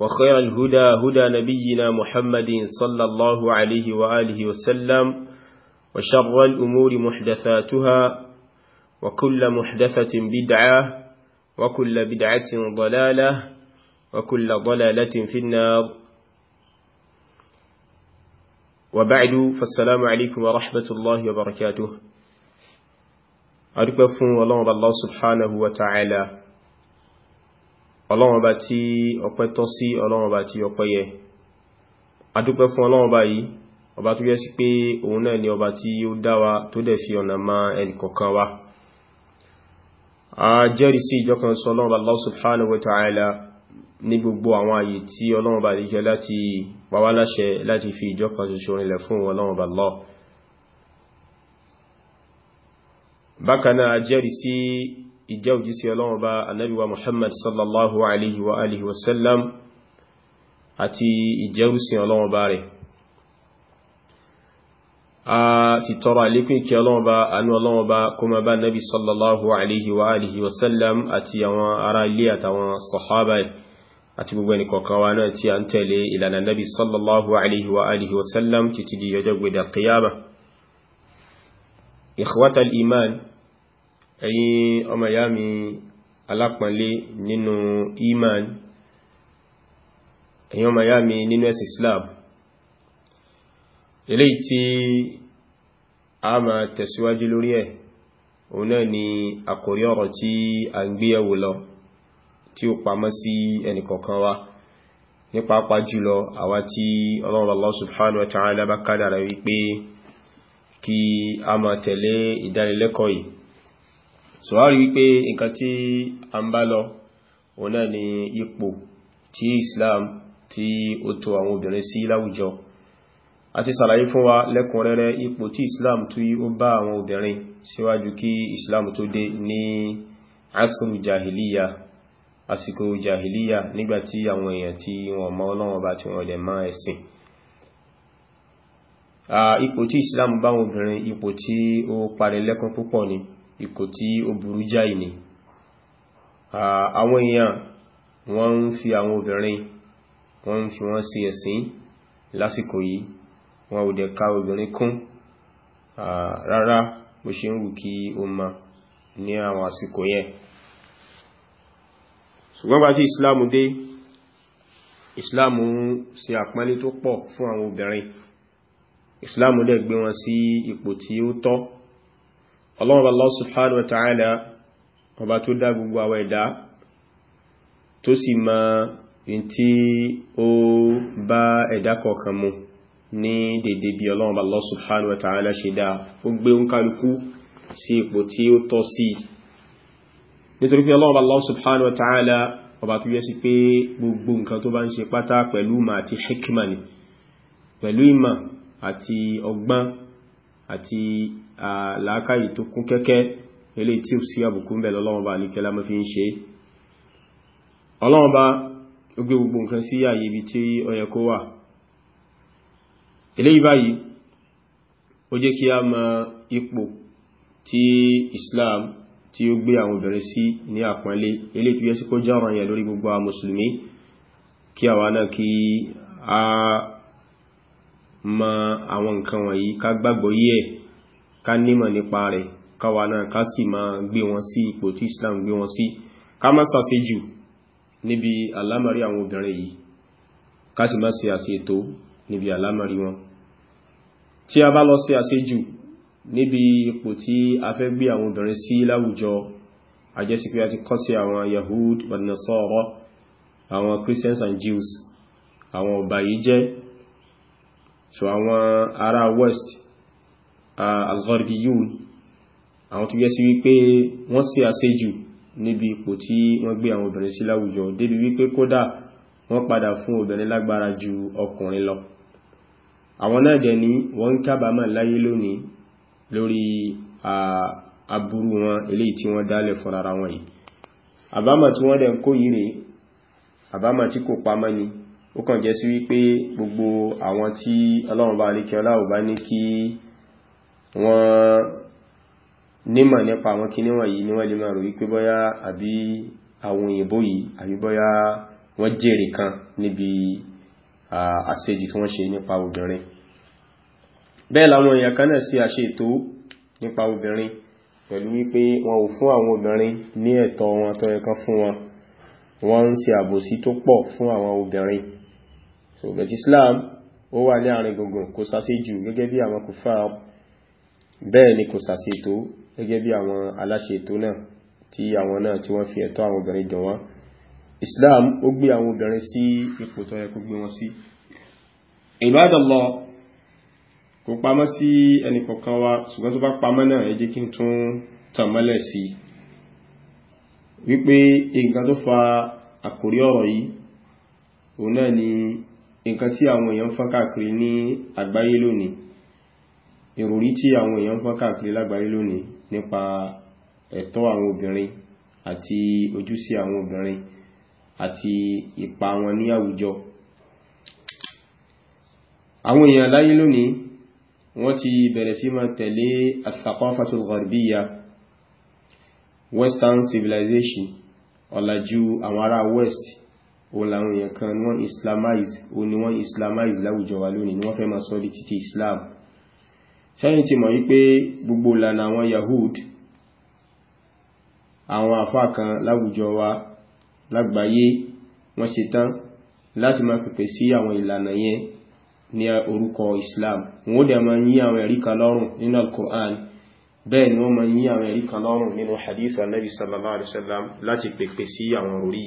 وخير الهدى هدى نبينا محمد صلى الله عليه وآله وسلم وشر الأمور محدثاتها وكل محدثة بدعة وكل بدعة ضلالة وكل ضلالة في النار وبعد فالسلام عليكم ورحمة الله وبركاته أرقف الله الله سبحانه وتعالى ọlọ́run bá tí ọpẹ́ tọ́ sí ọlọ́run bá tí ọpẹ́ yẹ adúpẹ́ fún ọlọ́run bá yìí ọba tó yẹ sí pé òun náà ni ọba tí ó dá tó dẹ̀ fi ọ̀nà ma ẹnìkọ̀kan wa a jẹ́rìí sí ìjọkan sọ ọlọ́run bá Allah subhanahu wa ta'ala ní gbogbo àwọn àyè tí ọlọ́run bá díjẹ láti pàwá láṣẹ láti fi ìjọkan ṣoṣo rinlẹ̀ fún ọlọ́run Allah bákan náà a jẹ́rìí ìjẹ́ òjísí ọlọ́run bá anábíwa muhammad sallallahu alaihi wa alihi wasallam àti ìjẹ́rùsí ọlọ́run bá rẹ̀ a sì tọrọ àlékún ìkẹ́ ọlọ́run bá anú ọlọ́run bá kuma bá nabi sallallahu alaihi wa alihi wasallam àti àwọn ará ilé àtàwọn sahaba àti gbogbo ẹni kọ̀ọ̀kan wa náà tí a ń tẹ̀lé ìlànà nabi sallallahu alaihi wa alihi wasallam títí di ọjọ́ gbẹ̀dẹ̀ qiyama ikhwatal iman ẹ̀yin ọmọ ìyá mi alápọ̀nlé nínú iman ẹ̀yin ọmọ ìyá mi nínú ẹ̀sìn Islam eléyìí tí a máa tẹ̀síwájú lórí ẹ̀ òun náà ni àkórí ọ̀rọ̀ tí a ń gbé ẹ̀wò lọ tí ó pamọ́ sí ẹnìkọ̀ọ̀kan wa nípa pàá jùlọ àwa tí Ọlọ́run Allah subhanahu wa ta'ala bá kádàrà wípé kí a máa tẹ̀lé ìdánilẹ́kọ̀ọ́ yìí so a rí wípé nǹkan tí a ń bá lọ òun náà ni ipò tí Islam tí ó tò àwọn obìnrin sí láwùjọ a ti sàlàyé fún wa lẹ́kùnrẹ́rẹ́ ipò tí Islam tí ó bá àwọn obìnrin síwájú kí Islam tó dé ní asru jahiliya àsìkò jahiliya nígbàtí àwọn èèyàn tí wọ́n mọ̀ Ọlọ́run bá tí wọ́n dẹ̀ mọ̀ ẹ̀sìn ipò tí Islam bá àwọn obìnrin ipò tí ó parí lẹ́kùn púpọ̀ ni ikò tí ó burú jáì ni àwọn èèyàn wọ́n ń fi àwọn obìnrin wọ́n ń fi wọ́n sí ẹ̀sìn lásìkò yìí wọ́n ò dẹ̀ ká obìnrin kún rárá bó ṣe ń wù kí o ma ní àwọn àsìkò yẹn ṣùgbọ́n bá tí islamu dé islamu ṣe àpọ́nlé tó pọ̀ fún àwọn obìnrin islamu dẹ̀ gbé wọn sí ipò tí ó tọ́ ọlọ́run Allah subhanahu wa ta'ala ọba tó dá gbogbo àwọn ẹ̀dá tó sì ma in tí ó bá ẹ̀dá kọ̀ọ̀kan mu ní dédé bí ọlọ́run Allah subhanahu wa ta'ala ṣe dá ó gbé ń kálukú sí ipò tí ó tọ́ sí nítorí pé ọlọ́run Allah subhanahu wa ta'ala ọba tó yẹ sí pé gbogbo nǹkan tó bá ń ṣe pátá pẹ̀lú ìmọ̀ àti hikmani pẹ̀lú ìmọ̀ àti ọgbọ́n àti làákàyè tó kún kẹ́kẹ́ ilé tí ó sí àbùkù ń bẹ̀ lọ́lọ́wọ́ba àníkẹ́lá mọ́ fi ń ṣe ọlọ́wọ́ba ó gbé gbogbo nǹkan sí àyè ibi tí ó yẹ kó wà eléyìí báyìí ó jẹ́ kí a mọ ipò tí Islam tí ó gbé àwọn obìnrin sí ní àpọ́nlé eléyìí tó sí kó jẹ́ ọ̀ràn lórí gbogbo àwọn mùsùlùmí kí àwa náà kí a mọ àwọn nǹkan wọ̀nyí ká gbàgbọ́ yí ká nímọ̀ nípa rẹ̀ káwa náà ká sì máa gbé wọn sí ipò tí Islam gbé wọn sí ká má sàṣe jù níbi alámàrí àwọn obìnrin yìí ká sì má ṣe àṣetò níbi alámàrí wọn tí a bá lọ ṣe àṣejù níbi ipò tí a fẹ́ gbé àwọn obìnrin sí láwùjọ àjẹ́sí a ti kọ́ sí àwọn Yahud wa àwọn Christians and Jews àwọn ọ̀bàyéjẹ́ so àwọn ará West algharbiyyun àwọn tó yẹ́ sí wípé wọ́n sí àṣejù níbi ipò tí wọ́n gbé àwọn obìnrin sí láwùjọ débi wípé kódà wọ́n padà fún obìnrin lágbára ju ọkùnrin lọ àwọn náà dẹ̀ ní wọ́n ń kábàámọ̀ láyé lónìí lórí aburú wọn eléyìí tí wọ́n dálẹ̀ fún ara wọn yìí àbámà tí wọ́n dẹ̀ ń kó yìí wọ́n nímọ̀ nípa àwọn kíní wọ̀nyí ni wọ́n lè máa rò wípé bọ́yá àbí àwọn òyìnbó yìí àbí bọ́yá wọ́n jèrè kan níbi àṣejì tí wọ́n ṣe nípa obìnrin bẹ́ẹ̀ láwọn èèyàn kan náà sí àṣe ètò nípa obìnrin pẹ̀lú wípé wọn ò fún àwọn obìnrin ní ẹ̀tọ́ wọn tó yẹ fún wọn wọ́n ń ṣe àbòsí tó pọ̀ fún àwọn obìnrin so but Islam ó wà ní àárín gbùngbùn kò sáṣejù gẹ́gẹ́ bí àwọn kò fà bẹ́ẹ̀ ni kò sàṣètò gẹ́gẹ́ bí àwọn aláṣètò náà tí àwọn náà tí wọ́n fi ẹ̀tọ́ àwọn obìnrin jọ wọ́n Islam ó gbé àwọn obìnrin sí ipò tó yẹ kó gbé wọn sí Ibadallah kò pamọ́ sí ẹnì kọ̀ọ̀kan wa ṣùgbọ́n tó bá pamọ́ náà ẹ jẹ́ kí n tún tàn mọ́lẹ̀ sí wípé nǹkan tó fa àkórí ọ̀rọ̀ yìí òun náà ni nǹkan tí àwọn èèyàn fọ́n káàkiri ní àgbáyé lónìí ìròrí tí àwọn èèyàn fọ́n káàkiri lágbàáyé lónìí nípa ẹ̀tọ́ àwọn obìnrin àti ojúṣe àwọn obìnrin àti ipa wọn ní àwùjọ àwọn èèyàn láyé lónìí wọ́n ti bẹ̀rẹ̀ sí máa tẹ̀lé athaqafatul gharbiyya western civilization ọ̀làjú àwọn ará west òun làwọn èèyàn kan ni wọ́n islamize òun ni wọ́n láwùjọ wa lónìí ni wọ́n fẹ́ máa sọ di títí islam sẹ́yìn ti mọ̀ wípé gbogbo ìlànà àwọn Yahud àwọn àfá kan láwùjọ wa lágbàáyé wọ́n ṣe tán láti máa pèpè sí àwọn ìlànà yẹn ní orúkọ Islam wọ́n dẹ̀ máa yí àwọn ẹ̀rí kan lọ́rùn nínú Al-Qur'an bẹ́ẹ̀ ni wọ́n máa yí àwọn ẹ̀rí kan lọ́rùn nínú hadith Ànábì sallallahu alaihi wasallam láti pèpè sí àwọn orí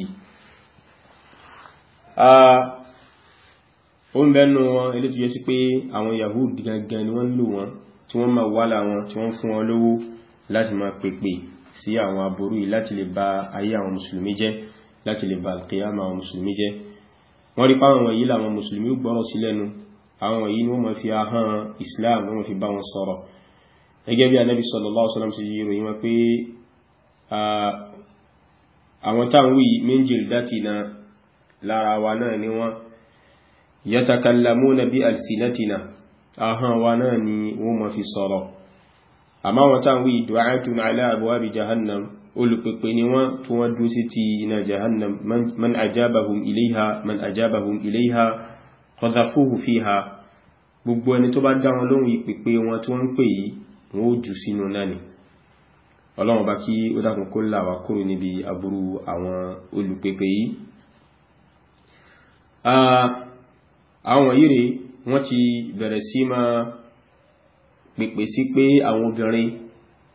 ó ń bẹ́nu wọn ilé tó yẹ sí pé àwọn Yahudi gangan ni wọ́n lò wọn tí wọ́n máa wálà wọn tí wọ́n fún wọn lówó láti máa pèpè sí àwọn aburú yìí láti lè ba ayé àwọn mùsùlùmí jẹ́ láti lè ba àlùkìyàmà àwọn mùsùlùmí jẹ́ wọ́n rí páwọn wọ̀nyí làwọn mùsùlùmí gbọ́rọ̀ sí lẹ́nu àwọn wọ̀nyí ni wọ́n máa fi ahọ́n Islam wọ́n fi bá wọn sọ̀rọ̀ gẹ́gẹ́ bí anábì sallallahu alaihi wasallam ti ròyìn wọn pé àwọn táwọn wí méjì dátì náà lára wa náà ni wọ́n yatakallamuna bi alsinatina ahọ́n wa náà ni wọ́n ma fi sọ̀rọ̀ àmá wọn tán wí du'atun ala abwabi jahannam olùpèpè ni wọ́n tó wọ́n dú sí ti iná jahannam man ajabahum ilayha man ajabahum ilayha qadhafuhu fiha gbogbo ẹni tó bá dá wọn lóhùn ìpèpè wọn tí wọ́n ń pè yìí wọ́n ó jù sínú ni ọlọ́run bá kí ó dákun kó là kúrò níbi aburú àwọn olùpèpè yìí ah, àwọn wọ̀nyí rèé wọ́n ti bẹ̀rẹ̀ sí máa pèpè sí pé àwọn obìnrin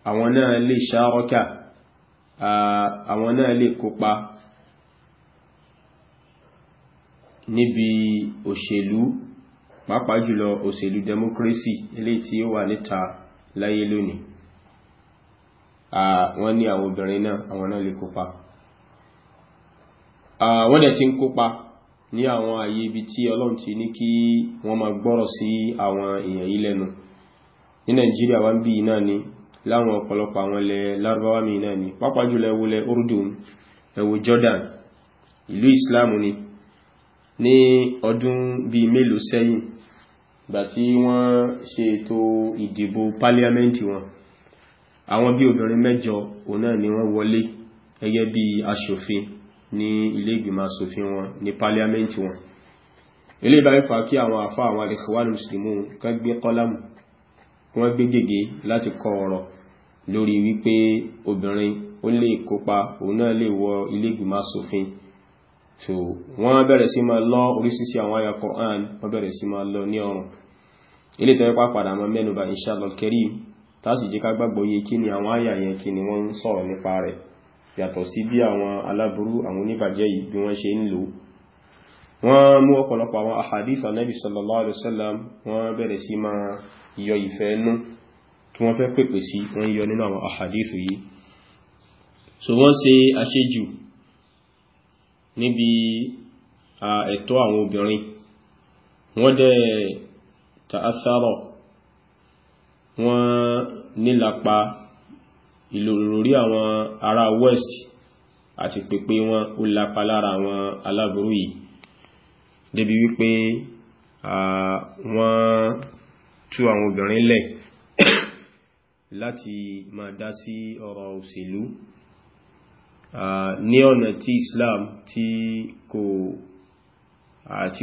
àwọn náà lè ṣàárọ́kà àwọn náà lè kópa níbi òṣèlú pàápàá jùlọ òṣèlú democracy ilé tí ó wà níta láyé lónìí wọ́n ní àwọn obìnrin náà àwọn náà lè kópa wọ́n dẹ̀ ti ń kópa ní àwọn àyè ibi tí ọlọ́run ti ní kí wọ́n máa gbọ́rọ̀ sí àwọn èèyàn yìí lẹ́nu ní nàìjíríà wá ń bí iná ni láwọn ọ̀pọ̀lọpọ̀ àwọn ilẹ̀ lárúbáwá mi náà ni pápá jùlọ ẹwọ ilẹ̀ urdun ẹwọ jordan ìlú islam ni ní ọdún bí mélòó sẹ́yìn ìgbà tí wọ́n ṣe ètò ìdìbò pálíámẹ́ǹtì wọn àwọn bí obìnrin mẹ́jọ òun náà ni wọ́n wọlé gẹ́gẹ́ bí aṣòfin ní ilé ìgbìmọ̀ asòfin wọn ní pálíámẹ́ǹtì wọn ilé ìbáyé fa kí àwọn àfá àwọn alìkọwàlù mùsùlùmù kan gbé kọ́lámù kí wọ́n gbé gègé láti kọ ọ̀rọ̀ lórí wípé obìnrin ó lè kópa òun náà lè wọ ilé ìgbìmọ̀ asòfin so wọ́n bẹ̀rẹ̀ sí máa lọ oríṣiríṣi àwọn àyà Qur'an wọ́n bẹ̀rẹ̀ sí máa lọ ní ọrùn ilé ìtọ́ ipa padà mọ́ mẹ́nubà inshallah karim tásì jẹ́ ká gbàgbọ́ yé kí ni àwọn àyà yẹn kí ni wọ́n ń sọ̀rọ̀ nípa rẹ̀ yàtọ̀ sí bí àwọn aláburú àwọn oníbàjẹ́ yìí bí wọ́n ṣe ń lò wọ́n mú ọ̀pọ̀lọpọ̀ àwọn àhàdífà nẹ́bí sallallahu alaihi wasallam wọ́n bẹ̀rẹ̀ sí máa yọ ìfẹ́ nú tí wọ́n fẹ́ pèpè sí wọ́n yọ nínú àwọn àhàdífù yìí so wọ́n ṣe àṣejù níbi ìlòròrí àwọn ará west àti pèpè wọn ó lapa lára àwọn aláburú yìí débi wípé wọ́n tú àwọn obìnrin lẹ̀ láti máa dá sí ọ̀rọ̀ òṣèlú ní ọ̀nà tí Islam tí kò àti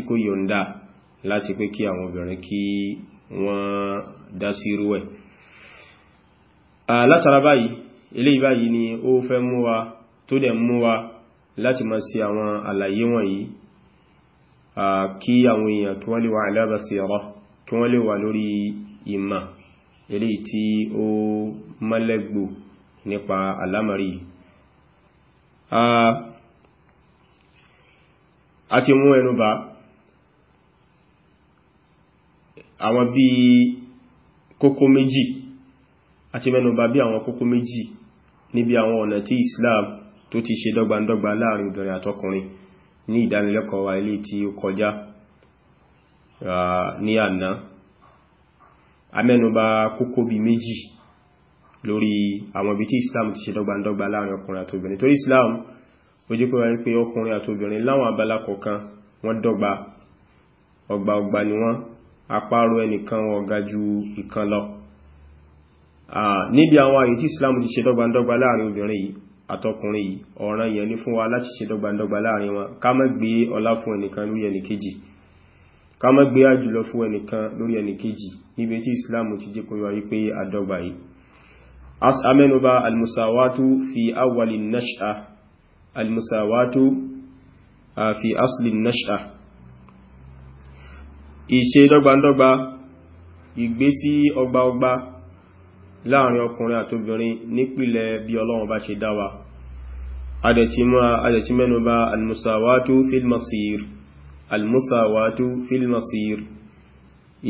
láti pé kí àwọn obìnrin kí wọ́n dá sí irú ẹ̀ látara báyìí eléyìí báyìí ni ó fẹ́ mú wa tó dẹ̀ mú wa láti máa ṣe àwọn àlàyé wọ̀nyí kí àwọn èèyàn kí wọ́n lè wà ala basira kí wọ́n lè wà lórí ìmà eléyìí tí ó mọ́lẹ́gbò nípa àlámàrí a mú ẹnu àwọn bí kókó méjì àti mẹ́nubà bí àwọn kókó méjì níbi àwọn ọ̀nà tí Islam tó ti ṣe dọ́gbandọ́gba láàrin obìnrin àtọkùnrin ní ìdánilẹ́kọ̀ọ́ wa ilé tí ó kọjá ní àná amẹ́nubà kókó bí méjì lórí àwọn ibi tí Islam ti ṣe dọ́gbandọ́gba láàrin ọkùnrin àtobìnrin Islam ó jẹ́ kó wá pé ọkùnrin àtobìnrin láwọn abala kọ̀ọ̀kan wọ́n dọ́gba ọgbà ni wọ́n apárò ẹnìkan níbi àwọn àyè tí islam ti ṣe dọ́gbandọ́gba láàrin obìnrin yìí àtọkùnrin yìí ọ̀ràn yẹn ni fún wa láti ṣe dọ́gbandọ́gba láàrin wọn ká má gbé ọlá fún ẹnìkan lórí ẹnìkejì ká má gbé àjùlọ fún ẹnìkan lórí ẹnìkejì níbi tí islam ti jẹ́ kó yọrí pé àdọ́gba yìí as amẹ́nuba almusawatu fi awali nash'a almusawatu fi asli nash'a ìṣe dọ́gbandọ́gba ìgbésí ọgbà ọgbà láàrin ọkùnrin àtobìnrin nípìlẹ̀ bí ọlọ́run bá ṣe dáwà adẹ̀tí mẹ́nubà almusawatu filmasir almusawatu filmasir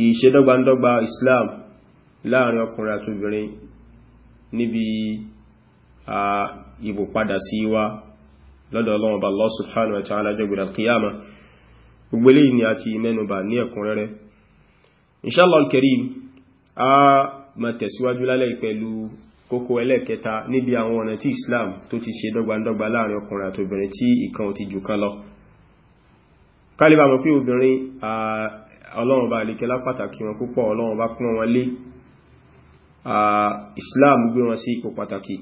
ìṣedọ́gbandọ́gba islam láàrin ọkùnrin àtobìnrin níbi a ìbò padà sí wá lọ́dọ̀ ọlọ́run bá Allah subhanahu wa ta'ala jọ́gbìdà kìyàmà gbogbo eléyìí ni a ti mẹ́nubà ní ẹ̀kúnrẹ́rẹ́ inshallah al-karim a ma tẹ̀síwájú lálẹ́ pẹ̀lú kókó ẹlẹ́ẹ̀kẹta níbi àwọn ọ̀nà tí Islam tó ti ṣe dọ́gbandọ́gba láàrin ọkùnrin àti obìnrin tí ìkan ò ti jù kan lọ kálíbà mọ̀ pé obìnrin ọlọ́run bá lè kẹlá pàtàkì wọn púpọ̀ ọlọ́run bá pọ́n wọn lé Islam gbé wọn sí ipò pàtàkì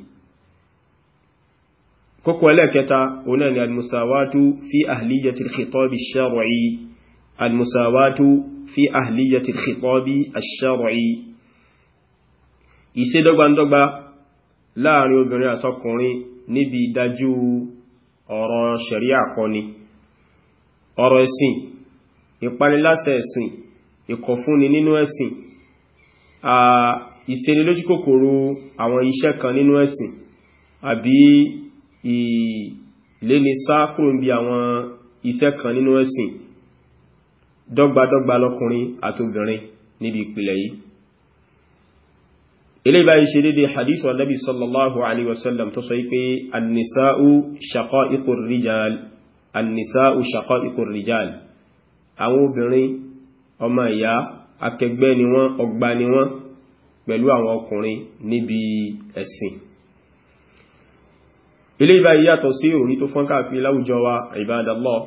kókó ẹlẹ́ẹ̀kẹta ọ̀nà ìṣedọ́gbandọ́gba láàrin obìnrin àtọkùnrin níbi ìdájú ọ̀rọ̀ ṣẹ̀ríà kọ́ni ọ̀rọ̀ ẹ̀sìn ìpaniláṣẹ ẹ̀sìn ìkọ̀fúnni nínú ẹ̀sìn ìṣenilójú kòkòrò àwọn iṣẹ́ kan nínú ẹ̀sìn àbí ìléni sáàkùrù bí àwọn iṣẹ́ kan nínú ẹ̀sìn dọ́gbadọ́gba lọ́kùnrin àtobìnrin níbi ìpìlẹ̀ yìí ilé báyìí ṣe dédé hadith wa nabi sallallahu alaihi wasallam tó sọ pé annisa'u shaqa'iqur rijal annisa'u shaqa'iqur rijal àwọn obìnrin ọmọ ìyá akẹgbẹ́ ni wọ́n ọgbà ni wọ́n pẹ̀lú àwọn ọkùnrin níbi ẹ̀sìn ilé báyìí yàtọ̀ sí orí tó fọ́n káàkiri láwùjọ wa ibadallah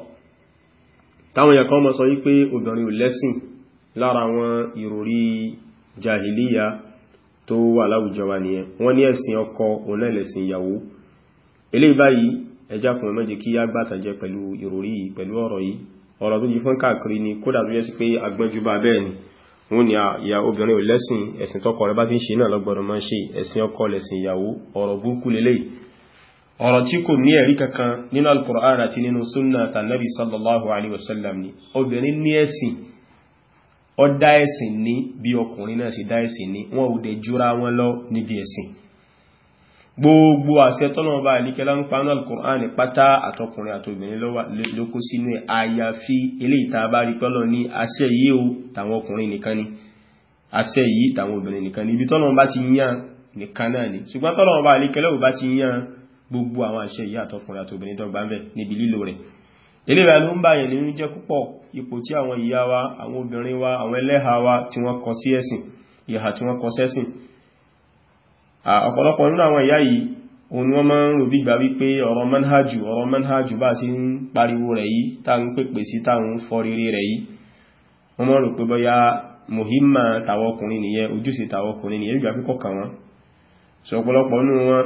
táwọn yẹ̀kọ́ mọ́ sọ wípé obìnrin ò lẹ́sìn lára àwọn ìròrí jahiliya tó wà láwùjọ wa nìyẹn wọ́n ní ẹ̀sìn ọkọ òun náà lẹ̀sìn ìyàwó eléyìí báyìí ẹjá kùn má jẹ́ kí á gbàtàjẹ́ pẹ̀lú ìròrí yìí pẹ̀lú ọ̀rọ̀ yìí ọ̀rọ̀ tó yí fún káàkiri ni kódà tó yẹ sí pé agbẹ́júbà bẹ́ẹ̀ ni wọ́n ní ìyá obìnrin ò lẹ́sìn ẹ̀sìn tọkọ rẹ̀ bá ti ń ṣe náà lọ́gbọ̀dọ̀ máa ń ṣe ẹ̀sìn ọkọ lẹ̀sìn ìyàwó ọ̀rọ̀ sallallahu alaihi wasallam ni obìnrin ní ẹ̀sìn ó dá ẹ̀sìn ní bí ọkùnrin náà sì dá ẹ̀sìn ní wọn ò dẹ̀ jura wọn lọ níbi ẹ̀sìn gbogbo àṣẹ tọ́lọ́wọ́ bá àlíkẹ́lá ń pa náà Qur'an pátá àtọkùnrin àtobìnrin lókó sínú ẹ̀ àyàfi eléyìí tá bá rí pẹ́lọ ní àṣẹ yìí o tàwọn ọkùnrin nìkan ni àṣẹ yìí tàwọn obìnrin nìkan ni ibi tọ́lọ́wọ́ ti yàn nìkan náà ni ṣùgbọ́n tọ́lọ́wọ́ bá ò bá ti yàn gbogbo àwọn àṣẹ yìí àtọkùnrin àtobìnrin dọ́gba ń bẹ níbi lílò rẹ̀ eléra ló ń bá yẹn nínú jẹ́ púpọ̀ ipò tí àwọn ìyá wa àwọn obìnrin wa àwọn ẹlẹ́ha wa tí wọ́n kọ sí ẹ̀sìn ìhà tí wọ́n kọ sẹ́sìn ọ̀pọ̀lọpọ̀ nínú àwọn ìyá yìí òun wọ́n máa ń rò bí gbà wípé ọ̀rọ̀ manhajù ọ̀rọ̀ manhajù bá sí ń pariwo rẹ̀ yìí táwọn pèpè sí táwọn fọrere rẹ̀ yìí wọ́n máa rò pé bọ́yá mohimma tàwọn nìyẹn ojúṣe tàwọn nìyẹn ìgbà pípọ̀ kàn wọ́n sọ ọ̀pọ̀lọpọ̀ nínú wọn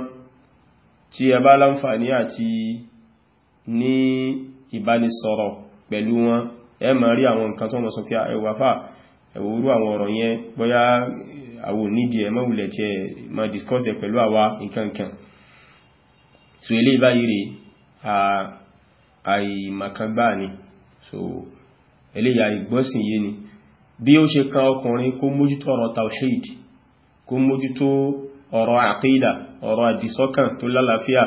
tí ẹ bá láǹfààní àti ní ìbánisọ̀rọ̀ pẹ̀lú wọn ẹ máa rí àwọn nǹkan tó mọ̀ sọ pé ẹwàfà ẹwòrú àwọn ọ̀rọ̀ yẹn bóyá àwọn onídìí ẹ mọ́wùlẹ̀ tí ẹ ma discuss ẹ pẹ̀lú àwa nǹkankan so ilé báyìí rè àìmàkàgbà ni so eléyà ìgbọ́sìn yé ni bí ó ṣe kan ọkùnrin kó mójútó ọ̀rọ̀ tawhid kó mójútó ọ̀rọ̀ àkídà ọ̀rọ̀ àdìsọ́kàn tó lálàáfíà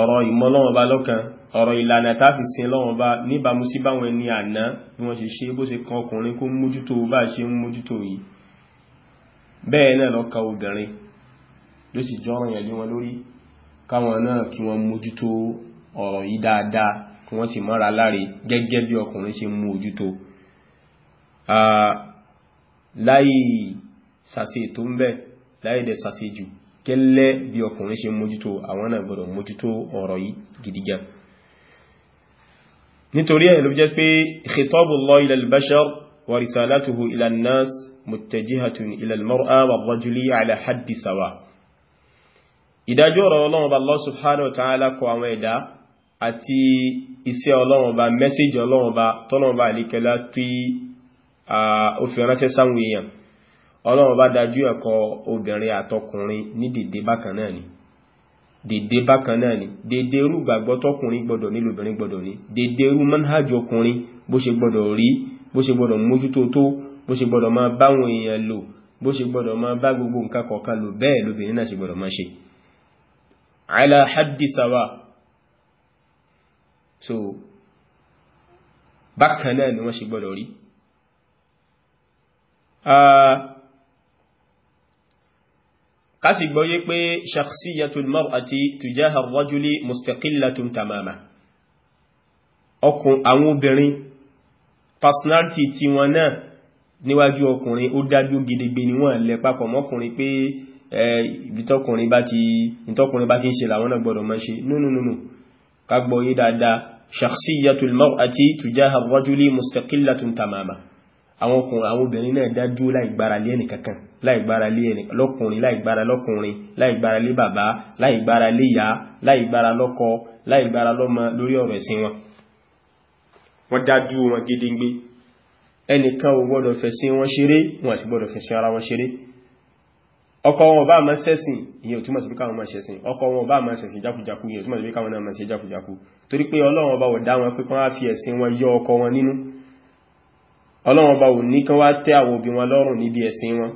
ọ̀rọ̀ ìmọ́lọ́wọ́ bá lọ́kàn ọ̀rọ̀ ìlànà tá fi sin lọ́wọ́n bá níbàmú sí báwọn ẹni àná bí wọ́n ṣe ṣe bó ṣe kan ọkùnrin kó mójútó bá ṣe ń mójútó yìí bẹ́ẹ̀ náà lọ ka obìnrin ló sì jọ́rọ̀ yẹn lé wọn lórí káwọn náà kí wọ́n mójútó ọ̀rọ̀ yìí dáadáa kí wọ́n sì mọ́ra láre gẹ́gẹ́ bí ọkùnrin ṣe mójútó láì sàṣe tó ń bẹ láì dẹ̀ sàṣe jù gẹ́lẹ́ bí ọkùnrin ṣe mójútó àwọn náà gbọ́dọ̀ mójútó ọ̀rọ̀ yìí gidigan nítorí ẹ̀ ló fi jẹ́ pé khitabullahi ilal bashar wa risalatuhu ilan nas muttajihatun ilal mar'a war rajuli ala haddi sawa ìdájọ́ ọ̀rọ̀ Ọlọ́run Ọba Allah subhanahu wa ta'ala kọ àwọn ẹ̀dá àti iṣẹ́ Ọlọ́run Ọba mẹ́sẹ̀jì Ọlọ́run Ọba tọ́lọ́run Ọba àlíkẹ́lá dédé bákan náà ni dédé irú gbàgbọ́ tọkùnrin gbọdọ̀ ní lóbìnrin gbọdọ̀ ní dédé irú manhaj ọkùnrin bó ṣe gbọdọ̀ rí bó ṣe gbọdọ̀ mójútó tó bó ṣe gbọdọ̀ máa báwọn èèyàn lò bó ṣe gbọdọ̀ máa bá gbogbo nǹkan kọ̀ọ̀kan lò bẹ́ẹ̀ lóbìnrin náà ṣe gbọdọ̀ máa ṣe ala haddi sawa so bákan náà ni wọ́n ṣe gbọdọ̀ rí ah, kásì gbọ́yé pé shakhsiyatul mar'ati tujaha ar-rajuli mustaqillatun tamama ọkùn àwọn obìnrin personality tí wọn náà níwájú ọkùnrin ó dájú gidigbe ni wọ́n lẹ papọ̀ mọ́kùnrin pé ìtọ́kùnrin bá ti ń ṣe làwọn náà gbọ́dọ̀ máa ṣe nínú ká gbọ́yé dáadáa shakhsiyatul mar'ati tujaha ar-rajuli mustaqillatun tamama àwọn ọkùnrin àwọn obìnrin láìgbára lé ẹnì lọ́kùnrin láìgbára lọ́kùnrin láìgbára lé bàbá láìgbára lé ìyá láìgbára lọ́kọ láìgbára lọ́mọ lórí ọ̀rọ̀ ẹ̀sìn wọn wọ́n dájú wọn gidigbe ẹnìkan ò gbọ́dọ̀ fẹ̀sìn wọn ṣeré wọn àti gbọ́dọ̀ fẹ̀sìn ara wọn ṣeré ọkọ wọn bá máa ṣẹ̀sìn ìyẹn ò túmọ̀ sí pé káwọn máa ṣẹ̀sìn ọkọ wọn bá máa ṣẹ̀sìn jákujàku ìyẹn ò túmọ̀ sí pé káwọn náà máa ṣe jákujàku torí pé Ọlọ́run ọba wọ̀ dá wọn pé kán á fi ẹ̀sìn wọn yọ ọkọ wọn nínú Ọlọ́run ọba ò ní kán wá tẹ́ àwọn òbí wọn lọ́rùn níbi ẹ̀sìn wọn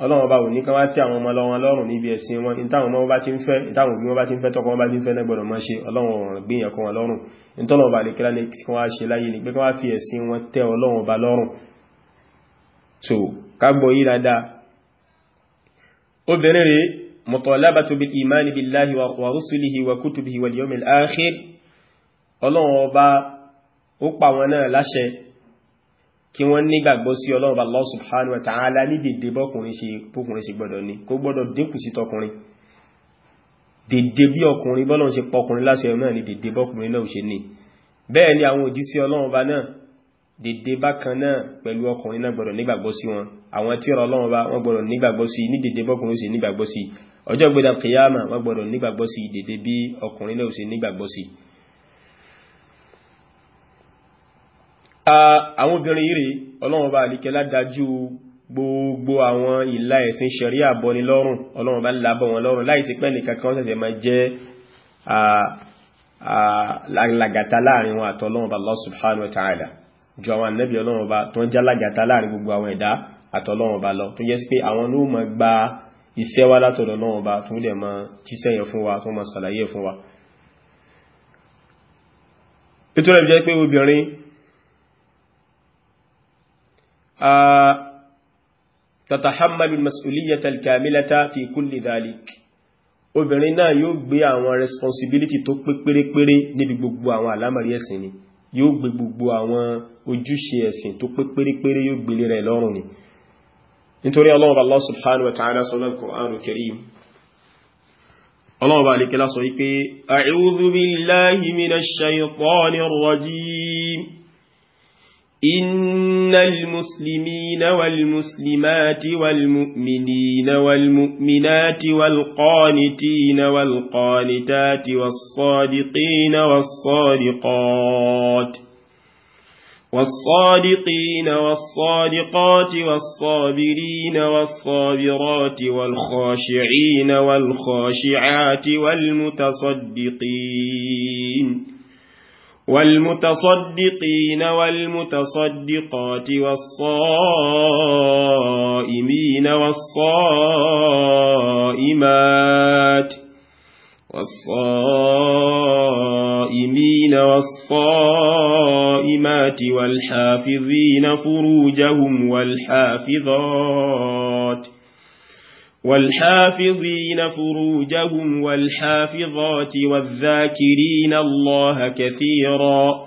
ọlọ́run ọba ò ní kan wá tí àwọn ọmọ lọ́wọ́ lọ́rùn níbi ẹ̀sìn wọn ìtàwọn ọmọ bá ti ń fẹ́ ìtàwọn òbí wọn bá ti ń fẹ́ tọ́kọ wọn bá ti ń fẹ́ lẹ́gbọ̀dọ̀ mọ́ ṣe ọlọ́run ọ̀rọ̀ gbìyànjú wọn lọ́rùn ìtọ́lọ̀ ọba lè kíra ní kí wọ́n ṣe láyé ní pé kí wọ́n fi ọlọ́run kí wọ́n nígbàgbọ́ sí Ọlọ́run bá Allah subhanahu wa ta'ala ní dèdè bọ́kùnrin ṣe pókùnrin ṣe gbọ́dọ̀ ní kó gbọ́dọ̀ dínkù sí tọkùnrin dèdè bí ọkùnrin bọ́lọ̀ ṣe pọkùnrin láṣẹ náà ni dèdè bọ́kùnrin náà ṣe ní bẹ́ẹ̀ ni àwọn òjíṣẹ́ Ọlọ́run bá náà dèdè bákan náà pẹ̀lú ọkùnrin náà gbọ́dọ̀ nígbàgbọ́ sí wọn àwọn tí ọ̀rọ̀ Ọlọ́run bá wọ́n gbọ́dọ̀ nígbàgbọ́ sí ní dèdè bọ́kùnrin ṣe nígbàgbọ́ sí ọjọ́ gbẹ́dà kìyàmà wọ́n gbọ́dọ̀ nígbàgbọ́ sí dèdè bí ọkùnrin náà ṣe nígbàgbọ́ sí àwọn obìnrin yìí ọlọ́run bá àlíkẹ́ ládájú gbogbo àwọn ìlà ẹ̀sìn ṣẹ̀ríà bọ́ni lọ́rùn ọlọ́run bá lábọ̀ wọn lọ́rùn láìsí pẹ́ nìkan kan ṣẹ̀ṣẹ̀ máa jẹ́ lágàtà láàrin wọn àtọ́lọ́run bá Allah subhanahu wa ta'ala ju àwọn ànábì ọlọ́run bá tó ń já lágàtà láàrin gbogbo àwọn ẹ̀dá àtọ́lọ́run bá lọ tó jẹ́ sí pé àwọn ló mọ̀ gba iṣẹ́ wá látọ̀dọ̀ náà pé obìnrin tàtàhámàlù mas'uliyyata al-kamilata fi kulli dhalik obìnrin náà yóò gbé àwọn responsibility tó pé pérépéré níbi gbogbo àwọn àlámàrí ẹ̀sìn ni yóò gbé gbogbo àwọn ojúṣe ẹ̀sìn tó pé pérépéré yóò gbélé rẹ̀ lọ́rùn ni nítorí Allah subhanahu ọlọ́ọ̀bà alikẹ́lá sọ إن المسلمين والمسلمات والمؤمنين والمؤمنات والقانتين والقانتات والصادقين والصادقات والصادقين والصادقات والصابرين والصابرات والخاشعين والخاشعات والمتصدقين والمتصدقين والمتصدقات والصائمين والصائمات والصائمين والصائمات والحافظين فروجهم والحافظات والحافظين فروجهم والحافظات والذاكرين الله كثيرا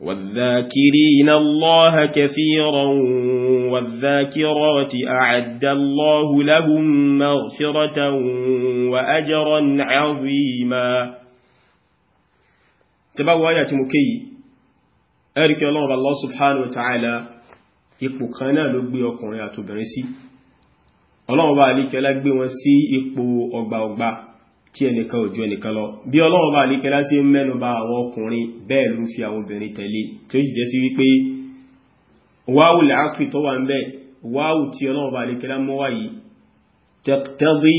والذاكرين الله كثيرا والذاكرات أعد الله لهم مغفرة وأجرا عظيما تبوا آيات مكي أرك الله الله سبحانه وتعالى يقبقنا لبي يا برسي ọlọ́run bá àlíkẹ́lá gbé wọn sí ipò ọgbàọgbà tí ẹnìkan ò ju ẹnìkan lọ bí ọlọ́run bá àlíkẹ́lá sí mẹ́nu bà àwọn ọkùnrin bẹ́ẹ̀ ló ń fi àwọn obìnrin tẹ̀lé tí ó sì jẹ́ sí wípé wáwù làákì tó wà ń bẹ wáwù tí ọlọ́run bá àlíkẹ́lá mọ́ wá yìí taqtadi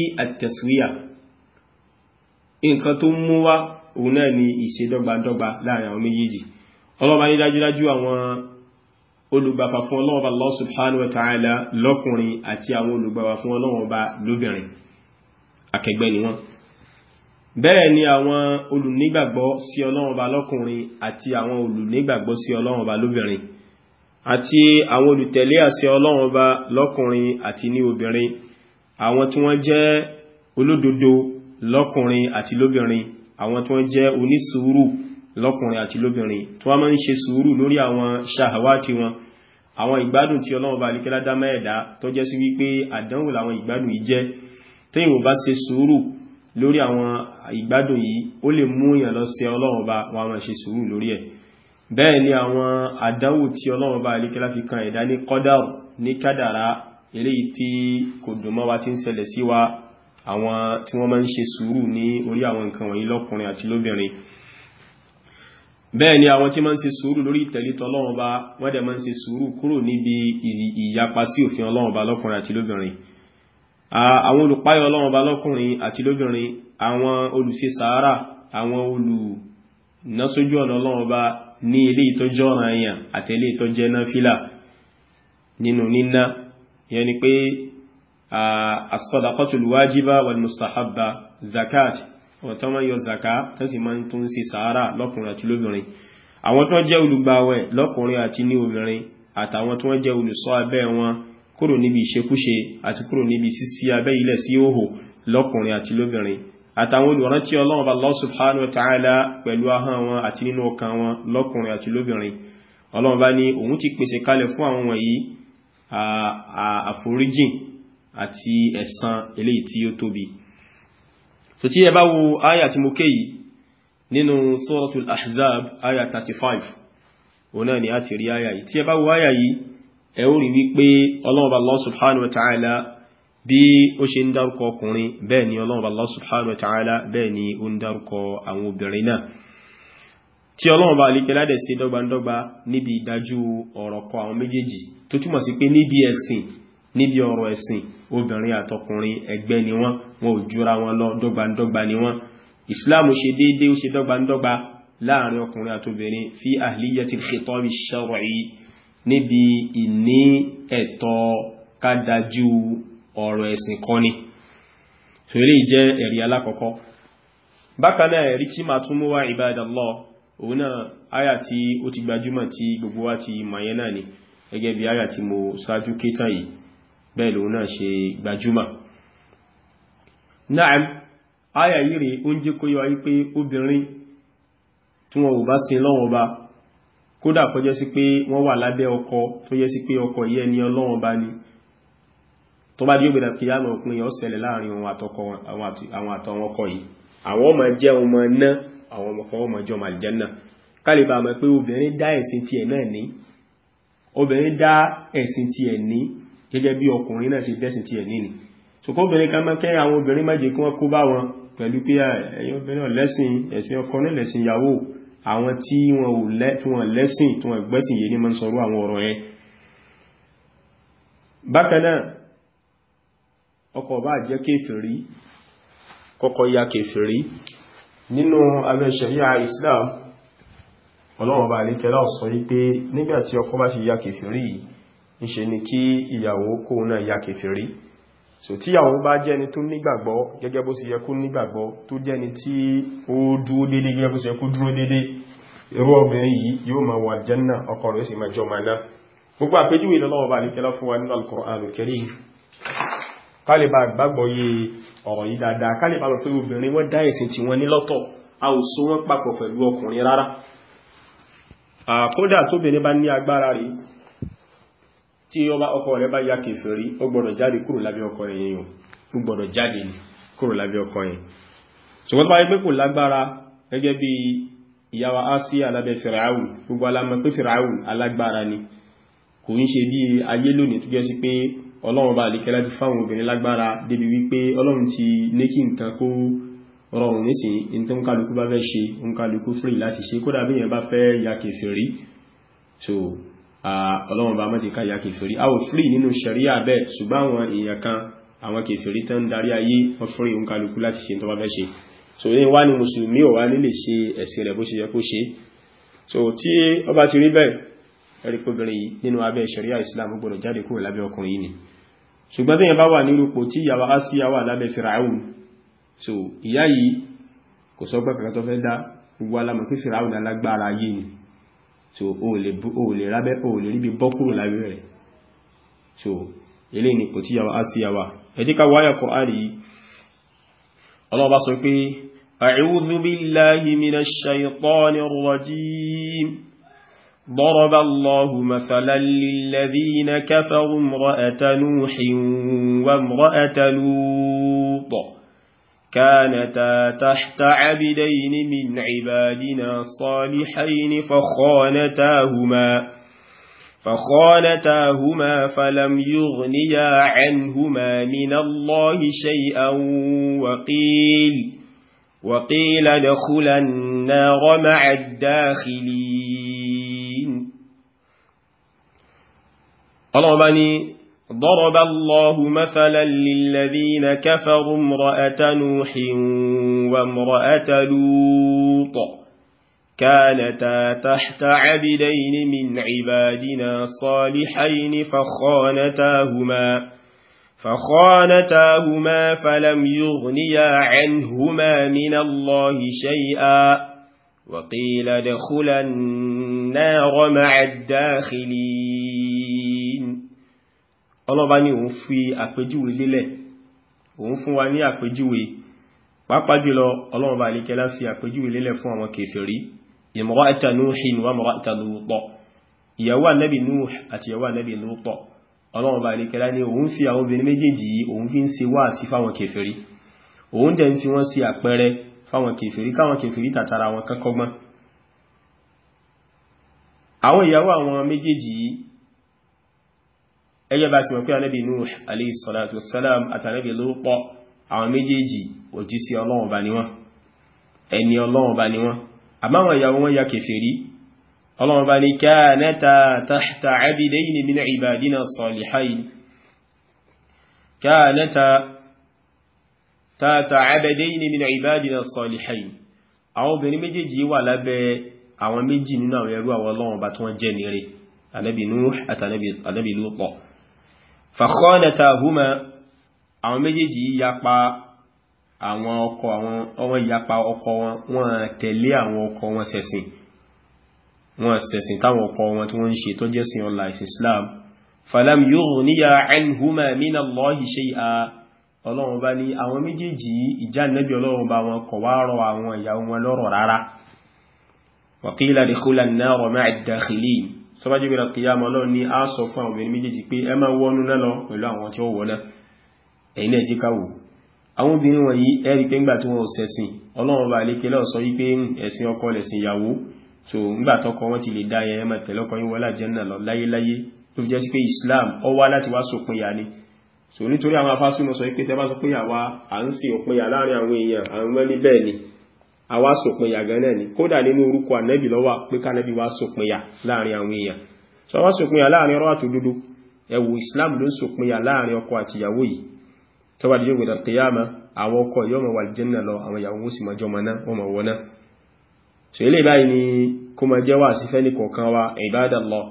nǹkan tó mú wá òun náà ni ìṣedọ́gbadọ́gba láàrin àwọn méjèèjì ọlọ́run bá ní dájúdájú àwọn olùgbàfà fún ọlọ́wọ́ bá Allah subhanahu ta'ala lọ́kùnrin àti àwọn olùgbàfà fún ọlọ́wọ́ bá lóbìnrin akẹgbẹ́ ni wọ́n bẹ́ẹ̀ ni àwọn olùnígbàgbọ́ sí ọlọ́wọ́ bá lọ́kùnrin àti àwọn olùnígbàgbọ́ sí ọlọ́wọ́ bá lóbìnrin àti àwọn olùtẹ̀lé àṣẹ ọlọ́wọ́ bá lọ́kùnrin àti ní obìnrin àwọn tí wọ́n jẹ́ olódodo lọ́kùnrin àti lóbìnrin àwọn tí wọ́n jẹ́ onísùúrù lọ́kùnrin àti lóbìnrin tó wá máa ń ṣe sùúrù lórí àwọn ṣàhàwátì wọn àwọn ìgbádùn tí ọlọ́run bá alikẹ́lá dá mẹ́ẹ̀dá tó jẹ́ sí wípé àdánwò làwọn ìgbádùn yìí jẹ́ téèyàn bá ṣe sùúrù lórí àwọn ìgbádùn yìí ó lè mú èèyàn lọ sí ọlọ́run bá wọn máa ṣe sùúrù ni àwọn àdánwò tí ọlọ́run bá alikẹ́lá fi kan ẹ̀dá ní kọ́dàrù ní kádàrá eléyìí tí kò dùn bẹ́ẹ̀ ni àwọn tí ma ń ṣe sùúrù lórí ìtẹ̀lítọ́ ọlọ́run bá wọ́n dẹ̀ ma ń ṣe sùúrù kúrò níbi ìyapa sí òfin ọlọ́run bá lọ́kùnrin àti lóbìnrin àwọn olùpáyọ̀ ọlọ́run bá lọ́kùnrin àti lóbìnrin àwọn olùṣe sàárà àwọn olùnásójú ọ̀nà ọlọ́run bá ní ilé ìtọ́jọ́ ọ̀ràn èèyàn àti ilé ìtọ́jẹ́ náfílà nínú níná ìyẹn ni pé as-sadaqatul wajiba wal mustahabba zakat ọ̀tọ́ máa yọ zaka tó sì máa ń tún ṣe sàárà lọ́kùnrin àti lóbìnrin àwọn tó jẹ́ olùgbàwẹ̀ lọ́kùnrin àti ní obìnrin àtàwọn tó jẹ́ olùṣọ́ abẹ́ wọn kúrò níbi ìṣekúṣe àti kúrò níbi sísí abẹ́ ilẹ̀ sí òhò lọ́kùnrin àti lóbìnrin àtàwọn olùrántí ọlọ́run bá Allah subhanahu ta'ala pẹ̀lú ahọ́n wọn àti nínú ọkàn wọn lọ́kùnrin àti lóbìnrin ọlọ́run bá ní òun ti pèsè kalẹ̀ fún àwọn wọ̀nyí so tí ẹ bá wo aya tí mo ké yìí nínú suratul ahzab aya 35 òun náà ni a ti rí aya yìí tí ẹ bá wo aya yìí ẹ ó rí wípé ọlọ́ọ̀bà Allah subhanahu wa ta'ala bí ó ṣe ń dárúkọ ọkùnrin bẹ́ẹ̀ ni ọlọ́ọ̀bà Allah subhanahu wa ta'ala bẹ́ẹ̀ ni ó ń dárúkọ àwọn obìnrin náà tí ọlọ́run bá alíkẹ́ ládẹ̀ sí dọ́gbandọ́gba níbi ìdájú ọ̀rọ̀ kọ àwọn méjèèjì tó túmọ̀ sí pé níbi ẹ̀sìn níbi obìnrin àtọkùnrin ẹgbẹ́ ni wọ́n wọn ò jura wọn lọ dọ́gbandọ́gba ni wọ́n islam ṣe déédéé ó ṣe dọ́gbandọ́gba láàrin ọkùnrin àtobìnrin fi ahliyatil khitabi shar'i níbi ìní ẹ̀tọ́ kádájú ọ̀rọ̀ ẹ̀sìn kọ́ni so eléyìí jẹ́ ẹ̀rí alákọ̀ọ́kọ́ bákan náà ẹ̀rí tí màá tún mú wá ibadallah òun náà áyà mo ṣáájú kétàn yìí bẹ́ẹ̀ lòun náà ṣe gbajúmọ̀ náà ayà yìí rèé ó ń jẹ́ kó yọ wípé obìnrin tí wọn ò bá sin lọ́wọ́ bá kódà kó sí pé wọ́n wà lábẹ́ ọkọ tó jẹ́ sí pé ọkọ yìí ẹni bá ni tó bá di ògbèdà kí yá máa pín ọ̀sẹ̀lẹ̀ láàrin àwọn àtọwọn ọkọ yìí àwọn ọmọ jẹ́ ọmọ ná àwọn ọmọkọ gẹ́gẹ́ bí ọkùnrin náà ṣe bẹ́sìn tí ẹ̀ ní ni ṣùkọ́ obìnrin kan máa kẹ́ àwọn obìnrin má jẹ́ kí wọ́n kó bá wọn pẹ̀lú pé ah, ẹ̀yin obìnrin lẹ́sìn ẹ̀sìn ọkọ ní lẹ́sìn ìyàwó àwọn tí wọ́n lẹ́sìn tí wọ́n gbẹ́sìn yé ní máa ń sọ̀rọ̀ àwọn ọ̀rọ̀ yẹn bákan náà ọkọ ya Islam ọlọ́wọ̀n bá lè tẹ́lá ọ̀sọ́ yí pé nígbàtí ọkọ bá ṣe ya kéfèrí yìí níṣe ni kí ìyàwó kó náà ya kèfèrí so tí ìyàwó bá jẹ́ni tó nígbàgbọ́ gẹ́gẹ́ bó ṣe yẹ kó nígbàgbọ́ tó jẹ́ni tí ó dúró dédé gẹ́gẹ́ bó ṣe yẹ kó dúró dédé irú obìnrin yìí yóò máa wà jẹ́nà ọkọ rẹ̀ sì máa jọ máa ná gbogbo àpéjúwe lọ́wọ́ bá nìkẹ́lá fún wa nínú Al-Qur'anul Karim kálẹ̀ bá gbàgbọ́ yé ọ̀rọ̀ ní a ò so wọ́n papọ̀ pẹ̀lú tí ọba ọkọ rẹ̀ bá yá kèfèrí ó gbọ́dọ̀ jáde kúrò lábẹ́ ọkọ rẹ̀ yẹn ó gbọ́dọ̀ jáde kúrò lábẹ́ ọkọ yẹn ṣùgbọ́n bá yẹ pé kò lágbára gẹ́gẹ́ bí ìyàwó Àsíyà lábẹ́ fìràáwù ni kò ń ṣe bí ayé lónìí tó jẹ́ sí pé ọlọ́run bá àlíkẹ́ láti fáwọn obìnrin lágbára débi wípé ọlọ́run ti ní kí ya kèfèrí so ọlọ́run bá mọ́tí káyà kèfèrí a ò fírí nínú ṣẹ̀ríà bẹ́ẹ̀ ṣùgbọ́n àwọn èèyàn kan àwọn kèfèrí tán ń darí ayé wọ́n fírí òun kálukú láti ṣe tó bá fẹ́ ṣe so ní wá ní mùsùlùmí ò wá nílè ṣe ẹ̀sìn rẹ̀ bó ṣe yẹ kó ṣe so tí ó bá ti rí bẹ́ẹ̀ ẹ̀rí kóbìnrin yìí nínú abẹ́ ṣẹ̀ríà Islam gbọ́dọ̀ jáde kúrò lábẹ́ ọkùnrin yìí ni ṣùgbọ́n tí èèyàn bá wà ní ipò tí ìyàwó Asiya wà lábẹ́ Firaun so ìyá yìí kò sọ pé kàkà tó fẹ́ dá gbogbo alamọ̀ pé Firaun alágbára ayé ni so o lè o lè rabe o lè ribi bọ́ kúrò lawe rẹ̀ so ele ni kò ti yawa asiya wa ẹ ti ká wa waya qur'ani Allah bá sọ pé a'udhu billahi minash shaitanir rajim ضرب الله مثلا للذين كفروا امرأة نوح وامرأة لوط كانتا تحت عبدين من عبادنا الصالحين فخانتاهما فخانتاهما فلم يغنيا عنهما من الله شيئا وقيل وقيل ادخلا النار مع الداخلين الله ضرب الله مثلا للذين كفروا امرأة نوح وامرأة لوط كانتا تحت عبدين من عبادنا صالحين فخانتاهما فخانتاهما فلم يغنيا عنهما من الله شيئا وقيل ادخلا النار مع الداخلين ọlọ́ba ní òun fi àpèjúwe lélẹ̀ òun fún wa ní àpèjúwe pàápàá jùlọ ọlọ́ba àlékẹ́lá fi àpèjúwe lélẹ̀ fún àwọn kèfèrí imra'ata Nuhin wa imra'ata Lut ìyàwó ànábì Nuh àti ìyàwó ànábì Lut ọlọ́ba àlékẹ́lá ní òun fi àwọn obìnrin méjèèjì òun fi ń ṣe wáàsí fáwọn kèfèrí òun dẹ̀ ń fi wọ́n sí àwọn ìyàwó àwọn méjèèjì yìí ẹgẹ́ bá sì mọ̀ pé anábì Nuh alayhi salatu wassalam àtànábì lórúkọ àwọn méjèèjì òjíṣẹ́ Ọlọ́run bá ní wọ́n ẹni Ọlọ́run bá ní wọ́n àmáwọn ìyàwó wọn ya kèfèrí Ọlọ́run bá ní kanata tahta abdayni min nínú àwọn ẹrú àwọn fàkọ́nẹta húnmọ́ àwọn méjèèjì yapa àwọn ọkọ àwọn ọwọ́n yapa ọkọ wọn wọ́n tẹ̀lé àwọn ọkọ wọn ṣẹ̀sìn wọ́n ṣẹ̀sìn táwọn ọkọ wọn tí wọ́n ń ṣe tó jẹ́ sin ọlá ìsìn Islam falam yughniya anhuma min Allahi shay'a ọlọ́run bá ní àwọn méjèèjì tó bá jẹ́gbẹ̀rẹ̀ kìyàmọ́ lọ ni a sọ fún àwọn obìnrin méjèèjì pé ẹ máa wọnú náà lọ pẹ̀lú àwọn tí ó wọ́ná ẹ̀yin náà jí káwò àwọn obìnrin wọ̀nyí ẹ̀rí pé ńgbà tí wọ́n sẹ̀sìn ọlọ́run bá lékè so ńgbà tọkọ wọn ti lè dá yẹn ẹmọ tẹ̀lé ọkọ yín wọlá jẹ́nà Islam ó wá láti wá sópin so nítorí àwọn afásùnmọ̀ sọ wípé tẹ́ bá sọ pé àwa à ń sìn òpin àwa sòpinya gan náà ni kódà nínú orúkọ ànẹ́bì lọ́wà pé kánẹ́bì wá sòpinya láàrin àwọn èèyàn so wá sòpinya láàrin ọrọ̀ àtòdodo ẹwù Islam ló ń sòpinya láàrin ọkọ àti ìyàwó yìí tó bá dijọ́ gbẹ̀dà kìyàmá àwọn ọkọ yóò mọ̀ wà jẹ́nà lọ àwọn ìyàwó ó sì ni kó ma jẹ́ wà sí fẹ́ ní kọ̀ọ̀kan wa Ibadallah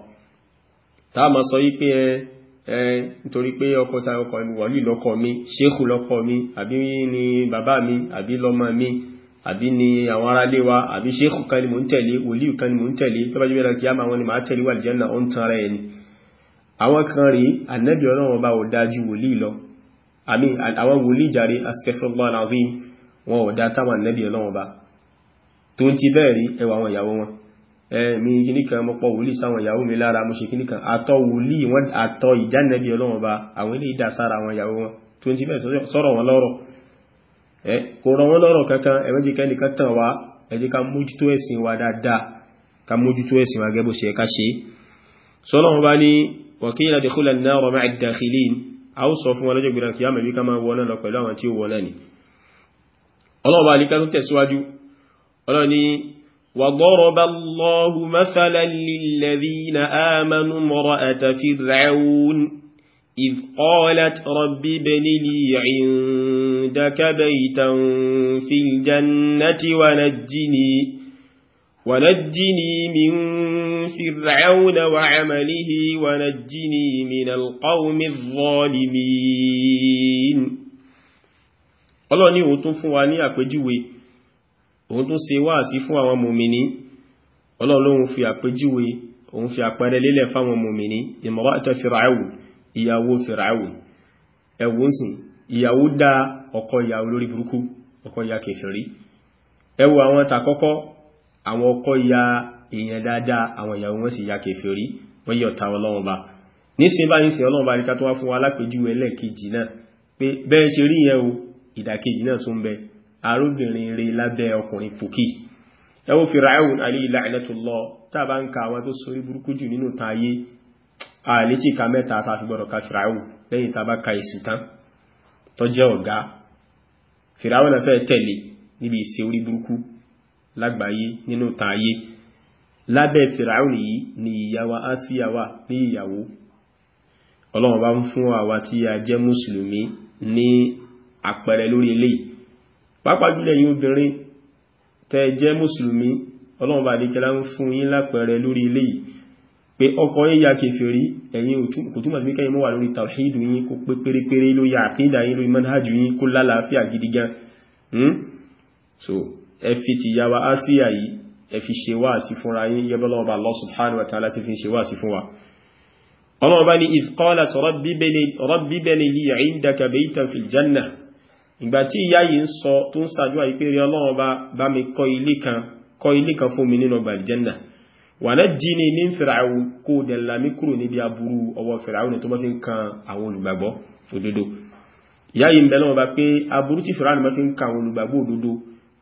ni bàbá mi àbí àbí ni àwọn ará lé wa àbí ṣéèkù kan ni mò ń tẹ̀lé wòlíù kan ni mò ń tẹ̀lé tó bá jẹ́ bẹ́ẹ̀ kí á máa wọn ni màá tẹ̀lé wà lìjẹ́ náà ó ń tan ara ẹni àwọn kan rí ànábì ọlọ́run ọba ò dájú wòlíì lọ àmì àwọn wòlíì jàre astaghfirullah alazim wọn ò dá táwọn ànábì ọlọ́run ọba tó ń ti kò rọ wọ́n lọ́rọ̀ kankan ẹ̀mẹ́jìká nìkan tàn wá ẹ̀jẹ́ ká mójútó ẹ̀sìn wa dáadáa ká mójútó ẹ̀sìn wa gẹ́bù sí ẹ̀ká ṣe sọ́lọ́run bá ní wàkíyà dẹ̀kúlẹ̀ náà rọ̀má ìdàkìlín a ó sọ fún wọn lọ́jọ́ gbìyànjú وضرب الله مثلا للذين آمنوا امرأة فرعون إذ قالت رب ابن لي عندك بيتا في الجنة ونجني ونجني من فرعون وعمله ونجني من القوم الظالمين الله أني أتوفى وأني أكجوي أنتم سوا سيفوا ومؤمني قالوا لهم في أكجوي وفي أكبر الليل فهم مؤمني إمرأة فرعون ìyàwó fìràwò ẹ̀wọ̀n sìn ìyàwó dá ọkọ ìyàwó lórí burúkú ọkọ ìyà kèfèrí ẹwọ àwọn tàkọ́kọ́ àwọn ọkọ ìyà èèyàn dáadáa àwọn ìyàwó wọn sì ìyà kèfèrí wọ́n yí ọ̀tá ọlọ́run bá nísìn bá nísìn ọlọ́run bá ríká tó wá fún wa lápèjúwe ẹlẹ́ẹ̀kejì náà pé bẹ́ẹ̀ ṣe rí yẹn o ìdàkejì náà tá a bá ń ka àwọn tó sorí burúkú jù nínú tayé àlítí ka mẹ́ta ta fi gbọ́dọ̀ ka fìràwù lẹ́yìn ta bá ka ìsù tán tó jẹ́ ọ̀gá fìràwù náà fẹ́ tẹ̀lé níbi ìṣe orí burúkú lágbàáyé nínú tààyé lábẹ́ fìràwù yìí ni ìyàwó ásíyàwá ní ìyàwó ọlọ́run bá ń fún àwa tí a jẹ́ pé ọkọ̀ yíya kèfèrí ẹ̀yin kò túnmọ̀ sí kẹ́yìn mọ́ wà lórí tawhidu yín kó pé pérépéré lórí àkídà yín lórí manhajú yín kó lálàáfíà gidi gan hmm? so ẹ fi ti yàwá ásíyà yìí ẹ fi ṣe wá sí fúnra yín yẹbọ́lọ́ọ̀bà Allah subhanahu wa ta'ala ti fi ṣe wá sí fún wa ọlọ́ọ̀bá ni idh qalat rabbi bani li 'indaka baytan fil jannah ìgbà tí ìyá yìí Wanadini min fìràún kó dẹ̀lámi kúrò níbi aburú ọwọ́ fìràún tó bá fi ń kan àwọn olùgbàgbọ́ òdodo ìyá yìí ń bẹ lọ́wọ́ bá pé aburú tí fìràún bá fi ń kan àwọn olùgbàgbọ́ òdodo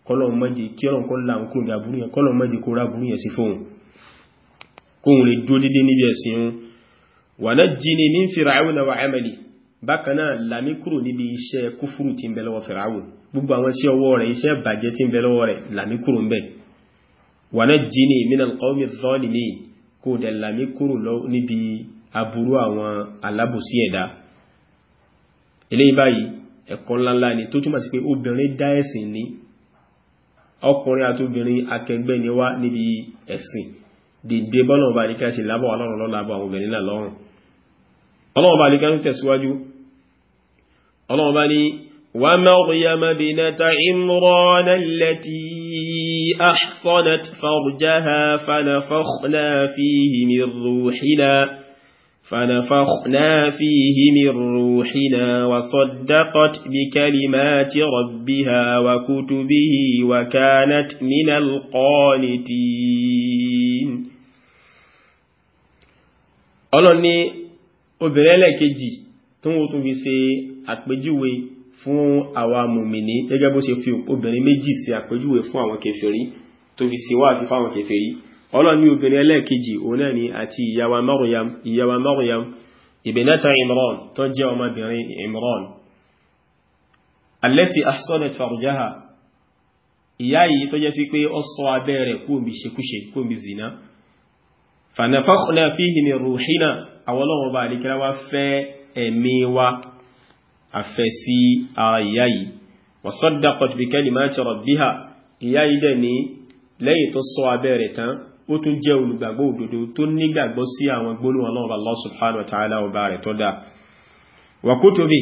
kọlọ̀n mọ́jì kí ọlọ́n kọ́ láàrín kúrò ní aburú yẹn kọlọ̀n mọ́jì kó ráburú yẹn sí fóun kóhun lè dó dédé níbi ẹ̀sìn un wanajjini min fìràún wa amali bákan náà làmí kúrò níbi iṣẹ́ kúfúrù tí ń bẹ lọ́wọ́ fìràún gbogbo àwọn iṣẹ́ ọwọ́ rẹ̀ iṣẹ́ bàjẹ́ tí ń bẹ lọ́wọ́ rẹ̀ làmí kúrò ń bẹ wànájìní min alqawmi adh-dhalimin kó dẹ̀ làmí kúrò níbi aburú àwọn alábòsí ẹ̀dá eléyìí báyìí ẹ̀kọ́ ńláńlá ni tó túmọ̀ sí pé obìnrin dá ẹ̀sìn ní ọkùnrin àtobìnrin akẹgbẹ́ ni níbi ẹ̀sìn dìde bọ́nà ọba ní kẹ́ẹ̀ṣì أحصنت فرجها فنفخنا فيه من روحنا فنفخنا فيه من روحنا وصدقت بكلمات ربها وكتبه وكانت من القانتين ọlọ́ni obìnrin ẹlẹ́kejì tó ń wo fún àwa mùmìnì gẹ́gẹ́ bó ṣe fi obìnrin méjì ṣe àpèjúwe fún àwọn kèfèrí tó fi ṣe wáàsí fáwọn kèfèrí ọlọ́ni obìnrin ẹlẹ́ẹ̀kejì òun náà ni àti ìyàwó Maryam ìyàwó Maryam ìbẹ̀nẹ́ta Imran tó jẹ́ ọmọbìnrin Imran alẹ́tì ahsanat farjaha ìyá yìí tó jẹ́ sí pé ó sọ abẹ́ kóòmì ṣekúṣe kóòmì afẹ́ sí ara ìyá yìí wa saddaqat bi kalimati rabbiha ìyá yìí dẹ̀ ní lẹ́yìn tó sọ abẹ́ rẹ̀ tán ó tún jẹ́ olùgbàgbọ́ òdodo tó nígbàgbọ́ sí àwọn gbólóhùn Ọlọ́run Allah subhanahu wa ta'ala ọba rẹ̀ tó dáa wa kutubi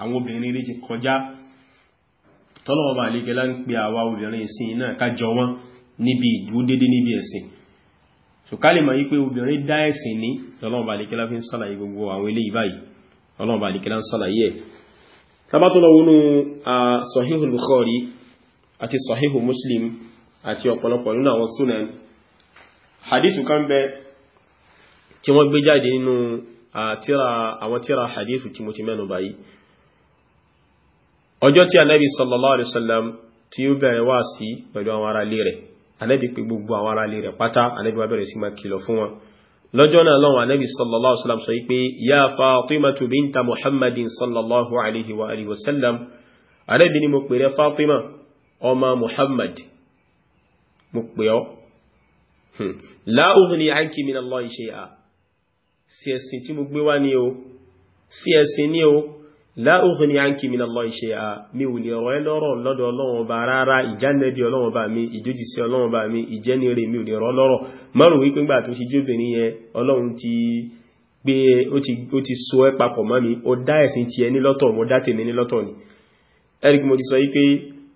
àwọn obìnrin rí ti kọjá tọ́lọ́wọ́ bá lè gẹ́lá ń pè àwa obìnrin ìsìn náà kájọ wọn níbi ìdúródédé níbi ẹ̀sìn so ká lè mọ̀ yí pé obìnrin dá ẹ̀sìn ní lọ́lọ́wọ́ bá lè gẹ́lá fi ń sàlàyé gbogbo àwọn eléyìí báyìí lọ́lọ́wọ́ bá lè gẹ́lá ń Muslim àti ọ̀pọ̀lọpọ̀ nínú àwọn sunan hadithu kan bẹ tí wọ́n gbé jáde nínú àwọn tíra hadithu tí mo ti mẹ́nu báyìí ọjọ́ tí anábi sallallahu alaihi wasallam tí ó bẹ̀rẹ̀ wá sí pẹ̀lú àwọn ará ilé rẹ̀ anábi pé gbogbo àwọn ará ilé rẹ̀ pátá anábi wá bẹ̀rẹ̀ sí máa kìlọ̀ fún wọn lọ́jọ́ náà lọ́wọ́ anábi sallallahu alaihi wasallam sọ pé ya fatimatu binta muhammadin sallallahu alaihi wa alihi wasallam anábi ni mo pè rẹ fatima hmm. ẹ̀sìn tí mo gbé wá ní o sí ẹ̀sìn ní o láògùnì àǹkì mi lọ́lọ́ ìṣẹ́ à mi ò lè rọ ẹ́ lọ́rọ̀ lọ́dọ̀ ọlọ́run ọba rárá ìjánẹ́bí ọlọ́run ọba mi ìjójì sí ọlọ́run ọba mi ìjẹ́nire mi ò lè rọ lọ́rọ̀ márùn wípé ńgbà tó ṣe jóbìnrin yẹn ọlọ́run ti gbé e, ó ti so ẹ́ papọ̀ mọ́ mi ó dá ẹ̀sìn tiẹ̀ ní lọ́tọ̀ mo dá tèmi ní lọ́tọ̀ ni eric mo ti sọ yí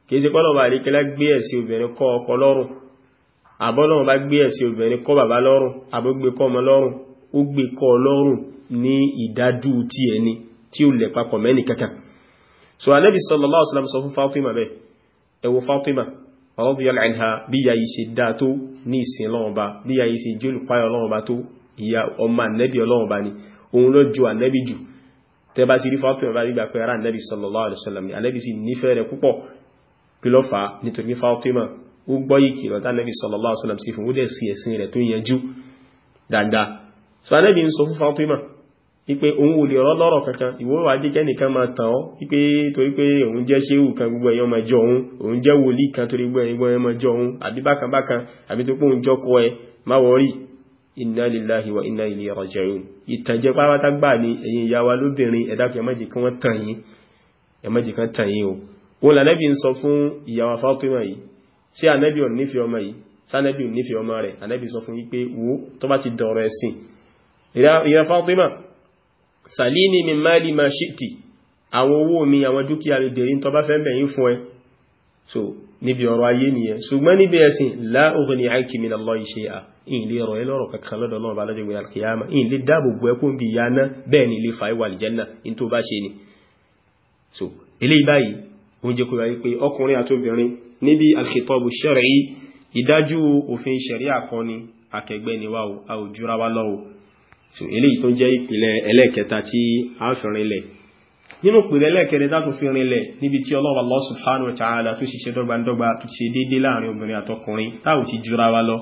kìí ṣe pọ́lọ́ba àríkẹ́lá gbé ẹ̀sìn obìnrin kọ́ ọkọ lọ́rùn àbọ́lọ́run bá gbé ẹ̀sìn obìnrin kọ́ bàbá lọ́rùn àbógbé kọ́ ọmọ lọ́rùn ó gbé kọ́ lọ́rùn ní ìdádú tiẹ̀ ni tí ó lè papọ̀ mẹ́ni kankan so anabi sallallahu alaihi wasallam sọ fún fatima bẹ́ẹ̀ ẹ wo fatima radiyallahu anha bí ya yìí ṣe dá tó ní ìsìn lọ́wọ́ba bí ya yìí ṣe jẹ́ olùpáyọ̀ lọ́wọ́ba tó ìyá ọmọ anabi ọlọ́wọ́ba ni òun ló ju anabi jù tẹ́ bá ti rí fatima bá nígbà pé ara anabi sallallahu alaihi wasallam ni anabi sì nífẹ̀ẹ́ rẹ̀ púpọ̀ so anabi ń sọ wípé òun ò lè rọ́ lọ́rọ̀ kankan ìwọ wà jẹ́ kẹ́nìkan máa tàn ọ́ wípé torí pé òun jẹ́ ṣéwù kan gbogbo ẹ̀yàn máa jọ òun òun jẹ́ wòlíì kan torí gbogbo ẹ̀yàn máa jọ òun àbí bákan bákan àbí tó pé òun jọ́kọ ẹ má wọ́rí inna lillahi wa inna ilayhi raji'un ìtànjẹ pátá gbà ní ẹ̀yin ìyá wa lóbìnrin ẹ dákun ẹ má jẹ́ kí wọ́n tàn yín ẹ má jẹ́ kí wọ́n tàn yín o wọn lànàbí ń sọ fún ìyá wa Fatima yìí ṣé ànàbí ò nífẹ̀ẹ́ ọmọ yìí sànàbí ò nífẹ̀ẹ́ ọmọ rẹ̀ ànàbí sọ fún yí pé wo tó bá ti dọ̀rọ̀ ẹ̀sìn ìyá Fatima sàlíní mi máa lè máa ṣíkì àwọn owó mi àwọn dúkìá lè dèrí tó bá fẹ́ mẹ́yìn fún ẹ so níbi ọ̀rọ̀ ayé nìyẹn ṣùgbọ́n níbi ẹ̀sìn la ughni anki min Allahi shay'a in lè rọ̀ ẹlọ́rọ̀ kankan lọ́dọ̀ náà bá lọ́jọ́ ìgbéyà kìyàmá in lè dáàbò bọ́ ẹkùn bí ya ná bẹ́ẹ̀ ni lè fa ìwà àlìjẹ́nà in tó bá ṣe ni so eléyìí tó jẹ́ ìpìlẹ̀ ẹlẹ́ẹ̀kẹta tí a fi rinlẹ̀ nínú ìpìlẹ̀ ẹlẹ́ẹ̀kẹrin tá tó fi rinlẹ̀ níbi tí ọlọ́wà Allah subhanahu wa ta'ala tó ṣiṣẹ́ dọ́gbandọ́gba tó ṣe déédéé láàrin obìnrin àtọkùnrin táwọn ti jura wa lọ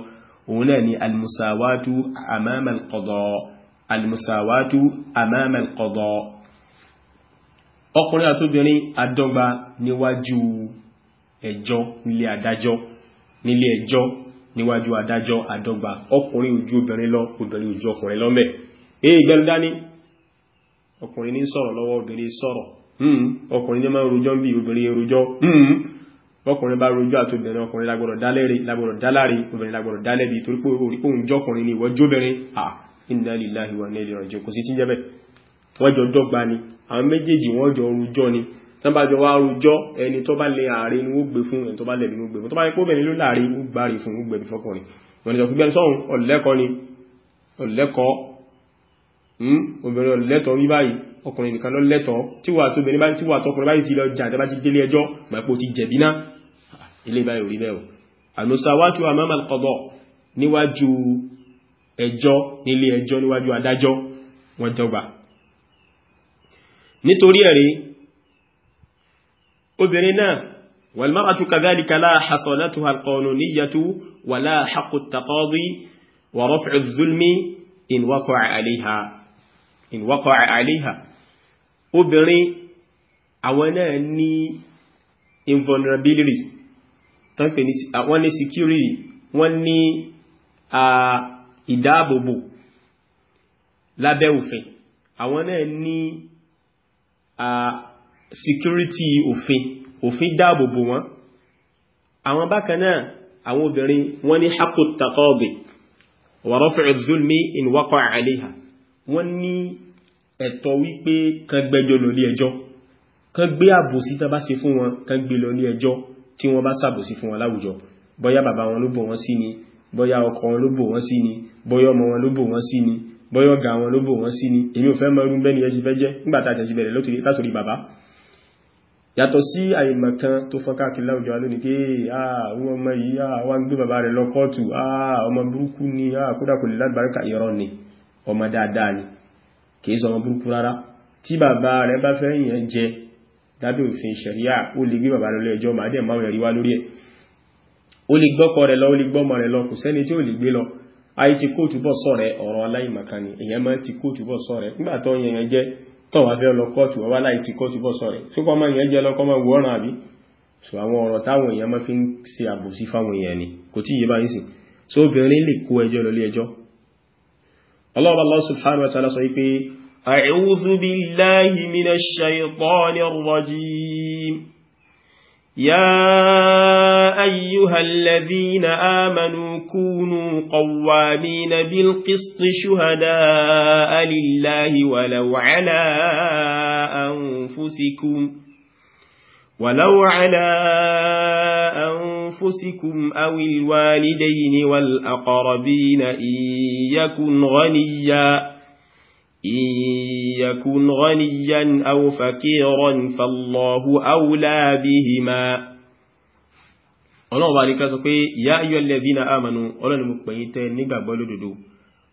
òun náà ni almusawatu amama alqada almusawatu amama alqada ọkùnrin àtobìnrin adọ́gba níwájú ẹjọ́ ẹjọ́ níwájú adájọ́ àdọ́gba ọkùnrin ojú obìnrin lọ obìnrin ojú ọkùnrin lọ́mẹ́ èyí gbẹ́nu dání ọkùnrin ní sọ̀rọ̀ lọ́wọ́ obìnrin sọ̀rọ̀ hmm. ọkùnrin ní máa rojọ́ bí obìnrin rojọ́ hmm. ọkùnrin bá rojọ́ àti obìnrin ọkùnrin lágbọ́dọ̀ dálẹ́rẹ́ lágbọ́dọ̀ dáláre obìnrin lágbọ́dọ̀ dálẹ́bi torí pé orí pòun jọkùnrin ni ìwọ jóbìnrin à inna inna ilayhi raji'un kò sí tí jẹ́ ni àwọn méjèèjì wọ́n tán bá jọ wá rojọ́ ẹni tó bá lè ààrẹ ni ó gbé fún ẹni tó bá lè ní ó gbé fún tó bá yẹ kóbìnrin ló láàrẹ ó gbáre fún ó gbẹ̀bí fọ́kùnrin wọ́n ni sọ pípẹ́ sọ́hun ọ̀lẹ́kọ́ ni ọ̀lẹ́kọ́ hmm, obìnrin ọ̀lẹ́tọ̀ bí báyìí ọkùnrin nìkan lọ lẹ́tọ̀ tíwà tó obìnrin báyìí tíwà tó ọkùnrin ẹjọ́ ilé amama al-qadaa níwájú ẹjọ́ nílé ẹjọ́ níwájú adájọ́ wọ́n jọba nítorí ẹ̀rí obìnrin náà wàlmáratu kàdálíkà láàhásọ̀ látò alkọ̀ọ̀nù níyàtú wà láàhákù takọ́bí wà rọ́fẹ̀ zulmi in wákọ̀ àìlíhà obìnrin àwọn náà ní invulnerability ah, wọ́n ní security wọ́n ní ìdáàbòbò lábẹ́ òfin àwọn náà ní security òfin òfin dáàbòbò wọn àwọn bákan náà àwọn obìnrin wọ́n ní haqqu taqabi wa raf'u zulmi in waqa'a 'alayha wọ́n ní ẹ̀tọ́ wípé kan gbẹ́jọ́ lórí ẹjọ́ kan gbé àbòsí tán bá ṣe fún wọn kan gbé lọ ní ẹjọ́ tí wọ́n bá ṣàbòsí fún wọn láwùjọ bóyá bàbá wọn ló bò wọ́n sí ni bóyá ọkọ wọn ló bò wọ́n sí ni bóyá ọmọ wọn ló bò wọ́n sí ni bóyá ọ̀gá wọn ló bò wọ́n sí ni èmi ò fẹ́ mọ irú bẹ́ni ẹ ṣe fẹ́ jẹ́ nígbàtà àjẹjì bẹ̀rẹ̀ látòrí bàbá yàtọ̀ sí àìmọ̀ kan tó fọ́n káàkiri láwùjọ wa lónìí pé àwọn ọmọ yìí wá ń gbé bàbá rẹ̀ lọ kọ́ọ̀tù ọmọ burúkú ni kódà kò lè lágbàríkà irọ́ ni ọmọ dáadáa ni kìí sọ ọmọ burúkú rárá tí bàbá rẹ̀ bá fẹ́ yẹn jẹ dábẹ́ òfin ṣẹ̀ríà ó lè gbé bàbá rẹ̀ lọ ẹjọ́ tọ́wà fẹ́ lọ kọ́ọ̀tù wọ́n wá láì ti kọ́ọ̀tù bọ́ sọ́rẹ̀ tó kọ́ máa yẹn jẹ́ lọ́kọ́ máa wọ́ ọ̀ràn àbí so àwọn ọ̀rọ̀ táwọn èèyàn máa fi ń ṣe àbòsí fáwọn èèyàn ni kò tí yé báyìí sìn so obìnrin lè kó ẹjọ́ lọ lé ẹjọ́ ọlọ́ọ̀bá Allah subhanahu wa كونوا قوامين بالقسط شهداء لله ولو على أنفسكم ولو على أنفسكم أو الوالدين والأقربين إن يكن غنيا إن يكن غنيا أو فقيرا فالله أولى بهما ọlọ́run bá ríkà sọ pé ya ayyuhalladhina amanu ọlọ́run ni mo pè yín tẹ́ nígbàgbọ́ lódodo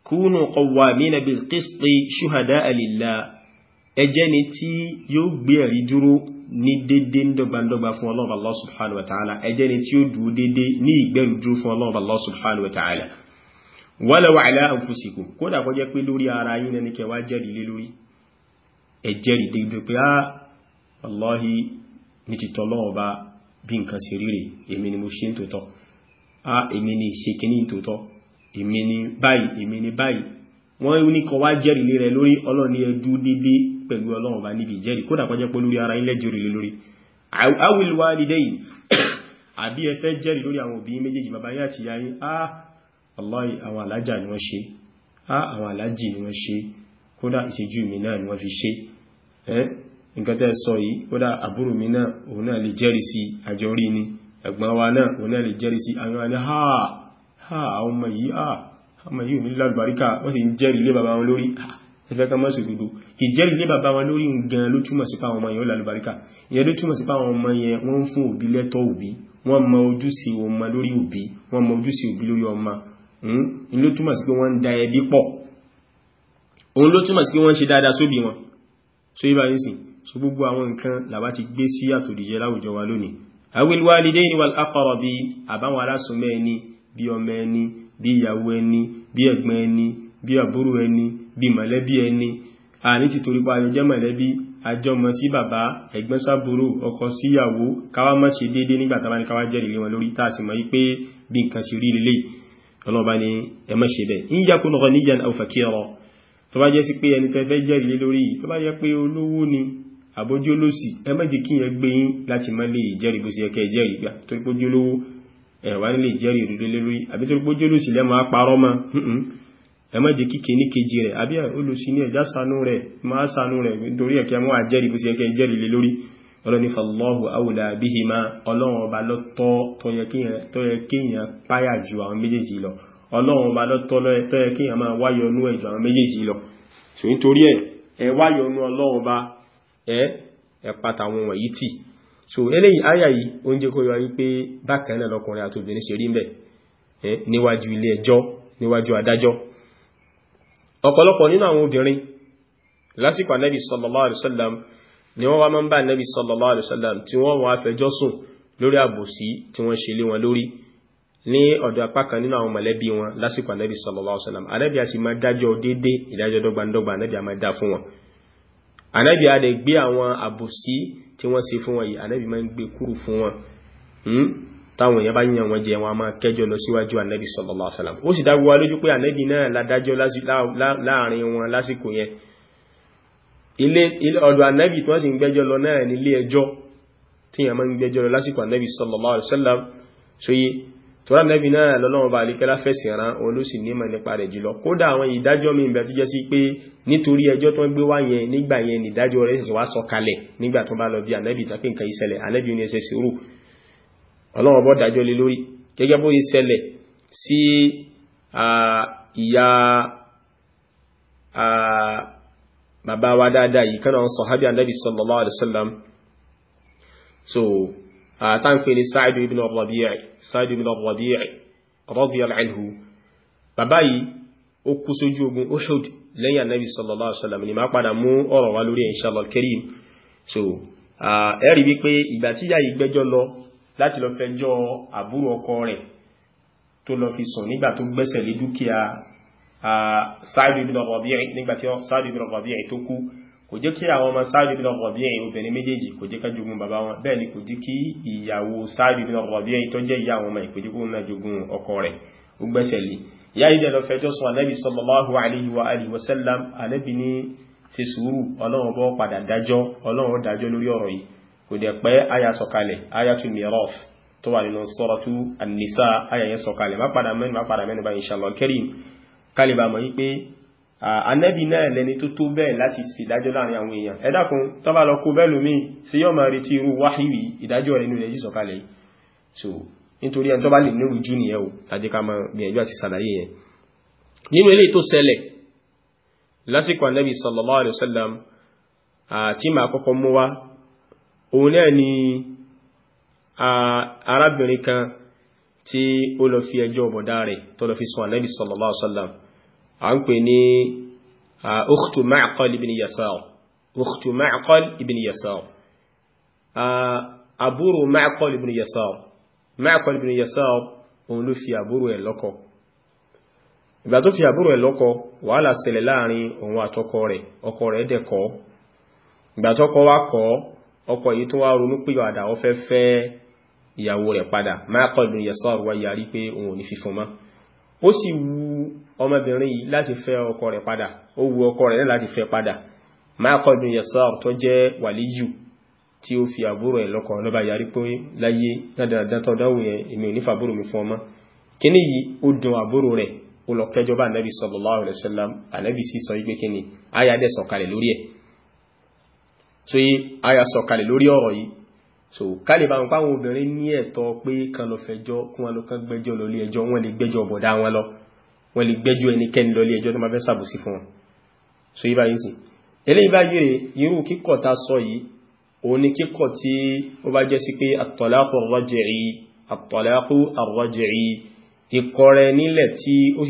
kunu qawwamina bil qisti shuhada'a lillah ẹ jẹ́ ni tí yóò gbé ẹ̀rí dúró ní dédé ndọ́gbandọ́gba fún ọlọ́run Allah subhanahu wa ta'ala ẹ jẹ́ ni tí ó dúró dédé ní ìgbẹ́rù dúró fún ọlọ́run Allah ah, lọ́wọ́ bá bí nǹkan ṣe rí rèé èmi ni mo ṣe ń tòótọ́ a èmi ni ṣe kíní tòótọ́ èmi ni báyìí èmi ni báyìí wọ́n ní kó wá jẹ́rìí lé rẹ lórí ọlọ́ni ẹdú dédé pẹ̀lú ọlọ́run bá níbi ìjẹ́rìí kódà kọjá pé lórí ara ilẹ̀ jẹ́rìí lé lórí awil walidayn àbí ah wallahi àwọn alájà ni wọ́n ṣe nǹkan tẹ́ sọ yìí ó dá àbúrò mi náà òun náà lè jẹ́rìí sí àjọrí ni ẹ̀gbọ́n wa náà òun náà lè jẹ́rìí sí àwọn àní ha ha ọmọ yìí ha ọmọ yìí ò ní lálùbáríkà wọ́n sì ń jẹ́rìí lé bàbá wọn lórí ẹfẹ́ kan mọ́sí gbogbo ìjẹ́rìí lé bàbá wọn lórí gan ló túmọ̀ sí páwọn ọmọ yẹn ó lálùbáríkà ìyẹn ló túmọ̀ sí páwọn ọmọ yẹn wọ́n ń fún òbí lẹ́tọ́ òbí wọ́n mọ ojúṣe ọmọ hmm? so gbogbo àwọn nǹkan làbá ti gbé sí àtòdìjẹ láwùjọ wa lónìí awil walidaini wal aqrabi àbáwọn alásùnmọ́ ẹni bí ọmọ ẹni bí ìyàwó ẹni bí ẹ̀gbọ́n ẹni bí àbúrò ẹni bí mọ̀lẹ́bí ẹni àní ti torí pa ayọjẹ́ mọ̀lẹ́bí àjọmọ̀ sí bàbá ẹ̀gbọ́n sábúrò ọkọ síyàwó káwá má ṣe déédéé nígbà tábà ní káwá jẹ́rìí wọn lórí tá a sì mọ̀ wípé bí nǹkan ṣe rí lélẹ̀ ọlọ́ba ni ẹ má ṣe bẹ́ẹ̀ ń yakun ghaniyan aw fakira tó bá jẹ́ sí pé ẹni tẹ́fẹ́ jẹ́rìí lórí tó bá jẹ́ pé olówó ni àbójú olóòsì ẹ mẹ́jì kí ẹ gbé yín láti má lè jẹ́rìí bó ṣe yẹ kẹ́ jẹ́rìí gbà torí pójú olówó ẹ̀wà nílé jẹ́rìí òdodo lórí àbí torí pójú olóòsì lẹ́mọ̀ apárọ́ mọ́ ẹ mẹ́jì kí kìíní kejì rẹ̀ àbí olóòsì ní ẹ̀já sanú rẹ̀ máa sanú rẹ̀ nítorí ẹ̀kẹ́ mọ́ àjẹ́rìí bó ṣe yẹ kẹ́ jẹ́rìí lé lórí ọlọ́ni fàlọ́hù àwòlà bíhìmá ọlọ́run ọba lọ́tọ́ tó yẹ kéèyàn páyà ju ẹ̀pá tàwọn wọ̀nyí tì so eléyìí àyà yìí oúnjẹ kó yọ wípé bákan náà lọkùnrin àti obìnrin ṣe rí mbẹ̀ níwájú ilé ẹjọ́ níwájú adájọ́ ọ̀pọ̀lọpọ̀ nínú àwọn obìnrin lásìkò ànábì sallallahu alaihi wasallam ni wọ́n wá sallallahu alaihi wasallam tí wọ́n wọ́n afẹjọ́ sùn lórí àbòsí tí wọ́n ṣe lé wọn lórí ní sallallahu alaihi wasallam ànábì a sì máa dájọ́ déédéé ìdájọ́ dọ́gbandọ́gba ànábì a máa ànábì a dẹ̀ gbé àwọn àbòsí tí wọ́n ṣe fún wọn yìí ànábì máa ń gbé kúrò fún wọn hmm? táwọn èèyàn bá yàn wọn jẹ wọn a máa kẹjọ lọ síwájú ànábì sallallahu alaihi wasallam ó sì dágbó wa lójú pé ànábì náà ládájọ́ láàrin wọn lásìkò yẹn ọ̀dọ̀ ànábì tí wọ́n sì ń gbẹ́jọ́ lọ náà nílé ẹjọ́ tí sallallahu alaihi wasallam tọ́rọ nẹ́bí náà lọ́lọ́wọ́ bá alékẹ́lá fẹ̀sìn ara wọn ló sì nímọ̀ nípa rẹ̀ jùlọ kódà àwọn ìdájọ́ mi ìbẹ̀ tó jẹ́ sí pé nítorí ẹjọ́ tó ń gbé wá yẹn nígbà yẹn nìdájọ́ rẹ̀ sì wá sọ kalẹ̀ nígbà tó bá lọ bí anẹ́bì tàbí nǹkan ìṣẹ̀lẹ̀ anẹ́bì ní ẹsẹ̀ sí rú ọlọ́wọ́ bọ́ dájọ́ lé lórí gẹ́gẹ́ bó ìṣẹ̀lẹ̀ sí ìyá bàbá wa dáadáa yìí kánà sọ̀hábí anẹ́bì sallallahu alaihi wasallam so àtàǹpẹ̀ ní Sa'id ibn Rabi'i Sa'id ibn Rabi'i radiyallahu anhu bàbá yìí ó kú sójú ogun Uhud lẹ́yìn Ànábì sallallahu alaihi wasallam ni máa padà mú ọ̀rọ̀ wá lórí inshallah karim so ẹ̀rí wípé ìgbà tí yáyì gbẹ́jọ́ lọ láti lọ fẹjọ́ àbúrò ọkọ rẹ̀ tó lọ fi sùn nígbà tó gbẹ́sẹ̀ lé dúkìá Sa'id ibn Rabi'i nígbà tí Sa'id ibn Rabi'i tó kú kò jẹ́ kí àwọn ọmọ sáàdì bí lọ́rọ̀ bí ẹ̀yìn obìnrin méjèèjì kò jẹ́ ká jogún bàbá wọn bẹ́ẹ̀ ni kò jẹ́ kí ìyàwó sáàdì bí lọ́rọ̀ bí ẹ̀yìn tó jẹ́ ìyá àwọn ọmọ ìpèjì náà jogún ọkọ rẹ̀ ó gbẹ́sẹ̀ ìyá yìí dẹ̀lọ sọ alaihi wa alihi wa sallam anẹ́bí ní ṣe sùúrù ọlọ́run bọ́ padà dájọ́ ọlọ́run dájọ́ lórí ọ̀rọ̀ yìí kò tu miraf tó wà nínú suratu an-nisa aya yẹn sọ̀kalẹ̀ má padà mẹ́nu má anẹ́bì náà lẹni tó tó bẹ́ẹ̀ láti sì ìdájọ́ láàrin àwọn èèyàn ẹ dákun tó bá lọ kó bẹ́ẹ̀lú mi sí yọ́ máa retí irú wáhíwì ìdájọ́ rẹ̀ nínú so nítorí ẹni tó bá lè nírú jú nìyẹn o tàbí ká máa gbìyànjú àti sàlàyé sallallahu alaihi wasallam àti máa kọ́kọ́ mú wá òun náà ni arábìnrin kan tí ó lọ sallallahu alaihi wasallam a ń pè ní ukhtu ma'qal ibn yasar ukhtu ma'qal ibn yasar àbúrò ma'qal ibn yasar ma'qal ibn yasar òun ló fi àbúrò ẹ̀ lọ́kọ ìgbà tó fi àbúrò ẹ̀ lọ́kọ wàhálà ṣẹlẹ̀ láàrin òun àtọkọ rẹ̀ ọkọ rẹ̀ dẹ̀ kọ̀ ìgbà tọkọ wá kọ̀ ọkọ yìí tó wá ronú pé àdà ó fẹ́ fẹ́ ìyàwó rẹ̀ padà Ma'qal ibn Yasar wá yarí pé òun ò ní fífún mọ́ ó sì wú ọmọbìnrin yìí láti fẹ́ ọkọ rẹ̀ padà ó wu ọkọ rẹ̀ láti fẹ́ padà Maakọ bin Yasar tó jẹ́ wàlíyù tí ó fi àbúrò ẹ̀ lọ́kọ lọ́ba yarí pé láyé dáadáa tó dáwò yẹn èmi ò ní fàbúrò mi fún ọmọ kíní yìí ó dùn àbúrò aya dẹ̀ sọ̀kalẹ̀ lórí ẹ̀ aya sọ̀kalẹ̀ lórí ọ̀rọ̀ yìí so kálí bá wọn pa àwọn obìnrin ní ẹ̀tọ́ pé kan lọ fẹjọ́ kún wọn lọ kán gbẹ́jọ́ lọ ẹjọ́ wọn lè gbẹ́jọ́ bọ̀dá wọn lọ wọ́n lè gbẹ́jú ẹnikẹ́ni lọlé ẹjọ́ tó máa fẹ́ sàbòsí fún wọn so yí báyìí sí eléyìí báyìí rẹ̀ irú kíkọ̀ ta sọ yìí òun ni kíkọ̀ tí ó bá jẹ́ sí pé at-talaqu ar-raj'i at-talaqu ar-raj'i ìkọrẹ nílẹ̀ tí ó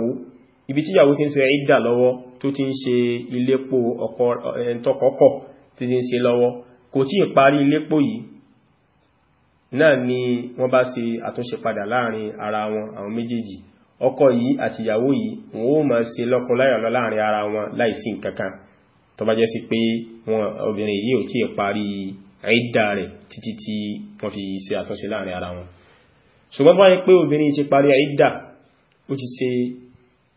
sì ibi tí ìyàwó ti ń ṣe ìdà lọ́wọ́ tó ti ń ṣe ilépo ọkọ̀ọ̀kọ̀ eh, tí ti ń ṣe lọ́wọ́ kò tí ì ilépo yìí náà ni wọ́n bá ṣe àtúnṣe padà láàrin ara wọn àwọn méjèèjì ọkọ yìí àti ìyàwó yìí wọn ó máa ṣe lọ́kọ láyà lọ láàrin ara wọn láìsí nǹkankan tó bá jẹ́ sí pé wọn obìnrin yìí ò tí ì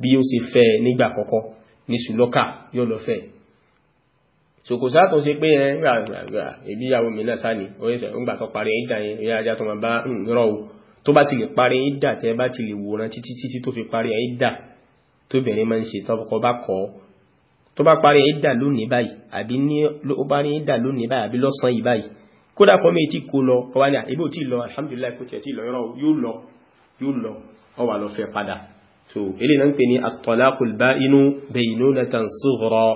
bí ó ṣe fẹ́ nígbà kọ́kọ́ ní sùlọ́kà yóò lọ fẹ́ sòkò sáàtọ̀ ṣe pé ẹn ràrà ẹbí ìyàwó mi náà sáni oríṣẹ́ ń gbà kan parí ìdà yẹn ìyá ajá tó máa bá hmm, rọ o tó bá ti lè parí ìdà tẹ́ bá ti lè wòran títí títí tó fi parí ìdà tó bẹ̀rẹ̀ máa ń ṣe tọ́kọ bá kọ́ tó bá parí ìdà lónìí báyìí àbí ní ó bá rí ìdà lónìí báyìí àbí lọ́sàn yìí báyìí kódà kọ́ mi ti kó lọ kọ́ wá ní àbí ò tí lọ alhamdulillah kò tiẹ̀ tí lọ yóò lọ yóò lọ ọ wà lọ fẹ́ padà so eléyìí náà ń pè ní at-talaqul ba'inu baynunatan sughra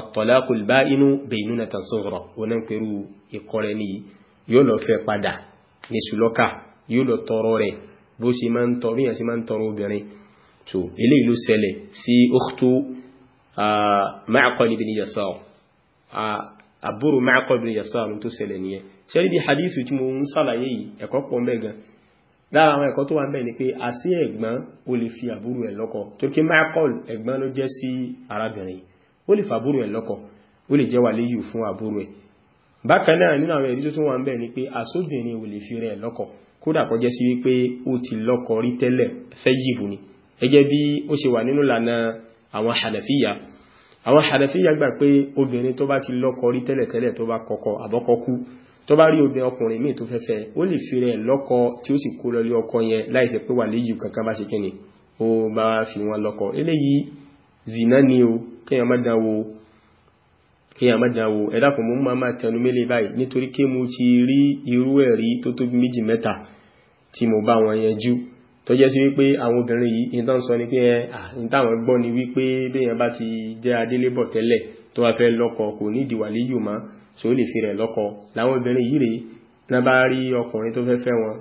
at-talaqul ba'inu baynunatan sughra ó náà ń pẹ̀lú ìkọrẹ ní yóò lọ fẹ́ padà ní ṣùlọ́kà yóò lọ tọrọ rẹ̀ bó ṣe máa ń tọrọ yẹn sí máa ń tọrọ obìnrin so eléyìí ló ṣẹlẹ̀ sí ukhtu Ma'qal ibn Yasar àbúrò Ma'qal ibn Yasar ló tó bí hadithu tí mo ń sàlàyé yìí ẹ̀kọ́ pọ̀ mẹ́gan lára àwọn ẹ̀kọ́ tó wà mẹ́rin ni pé àṣí ẹ̀gbọ́n ó lè fi àbúrò ẹ̀ lọ́kọ tó kí Michael ẹ̀gbọ́n ló jẹ́ sí arábìnrin ó lè fàbúrò ẹ̀ lọ́kọ ó lè jẹ́ wà léyìí fún àbúrò ẹ̀ bákan náà nínú àwọn ẹ̀rí tó tún wà ń bẹ̀ ni pé àsóbìnrin ò lè fi rẹ̀ lọ́kọ kódà kó jẹ́ sí wípé ni gẹ́gẹ́ bí ó ṣe wà nínú lànà àwọn hànàfíyà àwọn hànàfíyà gbà pé obìnrin tó bá ti lọ́kọ rí tó bá rí obìnrin ọkùnrin míì tó fẹ́fẹ́ ó lè fi rẹ̀ lọ́kọ tí ó sì kó lọ lé ọkọ yẹn láìsẹ̀ pé wà léyìí kankan bá ṣe kí ni ó bá fi wọn lọ́kọ eléyìí zina ni o kéèyàn má dán wò kéèyàn mú máa máa tẹnu mélé báyìí nítorí kí mo ti rí irú ẹ̀rí tó tóbi méjì mẹ́ta tí mo bá wọn yanjú tó jẹ́ sí wípé àwọn obìnrin yìí ní tán sọ ní pé ẹ̀ táwọn gbọ́ ni wípé béèyàn bá ti jẹ́ adélébọ̀ tẹ́lẹ̀ tó wá fẹ́ lọ́kọ kò ní ìdìwà léyìí mọ́ tí ó lè fi rẹ̀ lọ́kọ láwọn obìnrin yìí rèé náà bá rí ọkùnrin tó fẹ́ fẹ́ wọn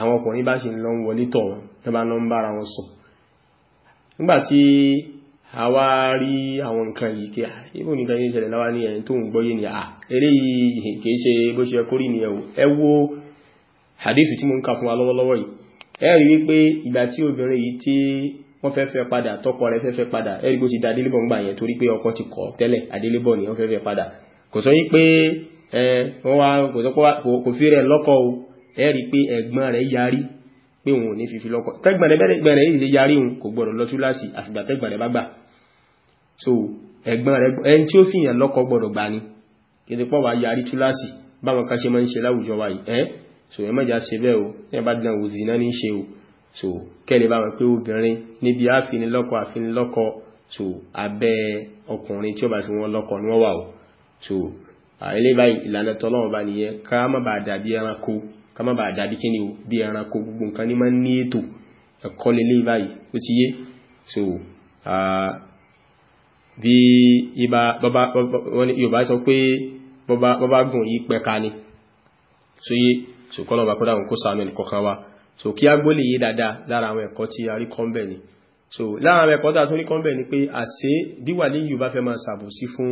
àwọn ọkùnrin bá ṣe lọ ń wọlé tọ̀ wọn náà bá lọ ń bára wọn sùn nígbàtí àwa rí àwọn nǹkan yìí kí ah, ibò nìkan yìí ṣẹlẹ̀ láwá ní ẹ̀yìn tó ń gbọ́yé ni à ah, eré yìí kìí ṣe bó ṣe kórì ni ẹ̀wò ẹ wo hadithu tí mo ń ka fún wa lọ́wọ́lọ́wọ́ yìí ẹ rí wípé ìgbà tí obìnrin yìí tí wọ́n fẹ́ fẹ́ padà tọkọ rẹ̀ fẹ́ fẹ́ padà ẹ rí bó ti da adélébọ̀ ń gbà yẹn torí pé ọkọ ti kọ̀ tẹ́lẹ̀ adélébọ̀ ni wọ́n fẹ́ fẹ́ padà kò sọ yí pé wọ́n wá kò fi rẹ̀ lọ́kọ o ẹ̀rí pé ẹ̀gbọ́n rẹ̀ yarí pé òun ò ní fífi lọ́kọ tẹ́gbọ̀n rẹ̀ bẹ́ẹ̀ rẹ̀ yìí lè yarí òun kò gbọ́dọ̀ lọ túláàsì àfìgbà tẹ́gbọ̀n bá gbà so ẹ̀gbọ́n rẹ̀ ẹni tí ó fi yàn lọ́kọ gbọ́dọ̀ gbà ni kìtì pọ̀ wá yarí túláàsì báwọn kan ṣe máa ń ṣe láwùjọ so ẹ mẹ́jà ṣe bẹ́ẹ̀ o ẹ bá dán òzì náà so kẹ́lẹ̀ bá wọn pé obìnrin níbi àfinilọ́kọ abẹ́ ọkùnrin tí ó bá fi wọn lọ́kọ ni wọ́n wà o so ilé ba ìlànà tọ́lọ́wọ́n bá nìyẹn ká má bàa dàbí ẹranko ká má bàa dàbí kíni o bí ẹranko gbogbo nǹkan ní máa ń ní ètò ẹ̀kọ́ lélé báyìí ó ti yé so baba ibà bàbá yorùbá sọ pé bàbá gùn yìí pẹ́ka ni so ye so kọ́lọ́ bá kó dáhùn kó sàánú ẹnìkọ̀ọ̀kan wa so kí á gbólè yé dáadáa lára àwọn ẹ̀kọ́ tí a rí kọ́ńbẹ̀ ni so lára àwọn ẹ̀kọ́ tí a tún rí kọ́ńbẹ̀ ni pé àṣé bí wàlíyù bá fẹ́ máa ṣàbòsí fún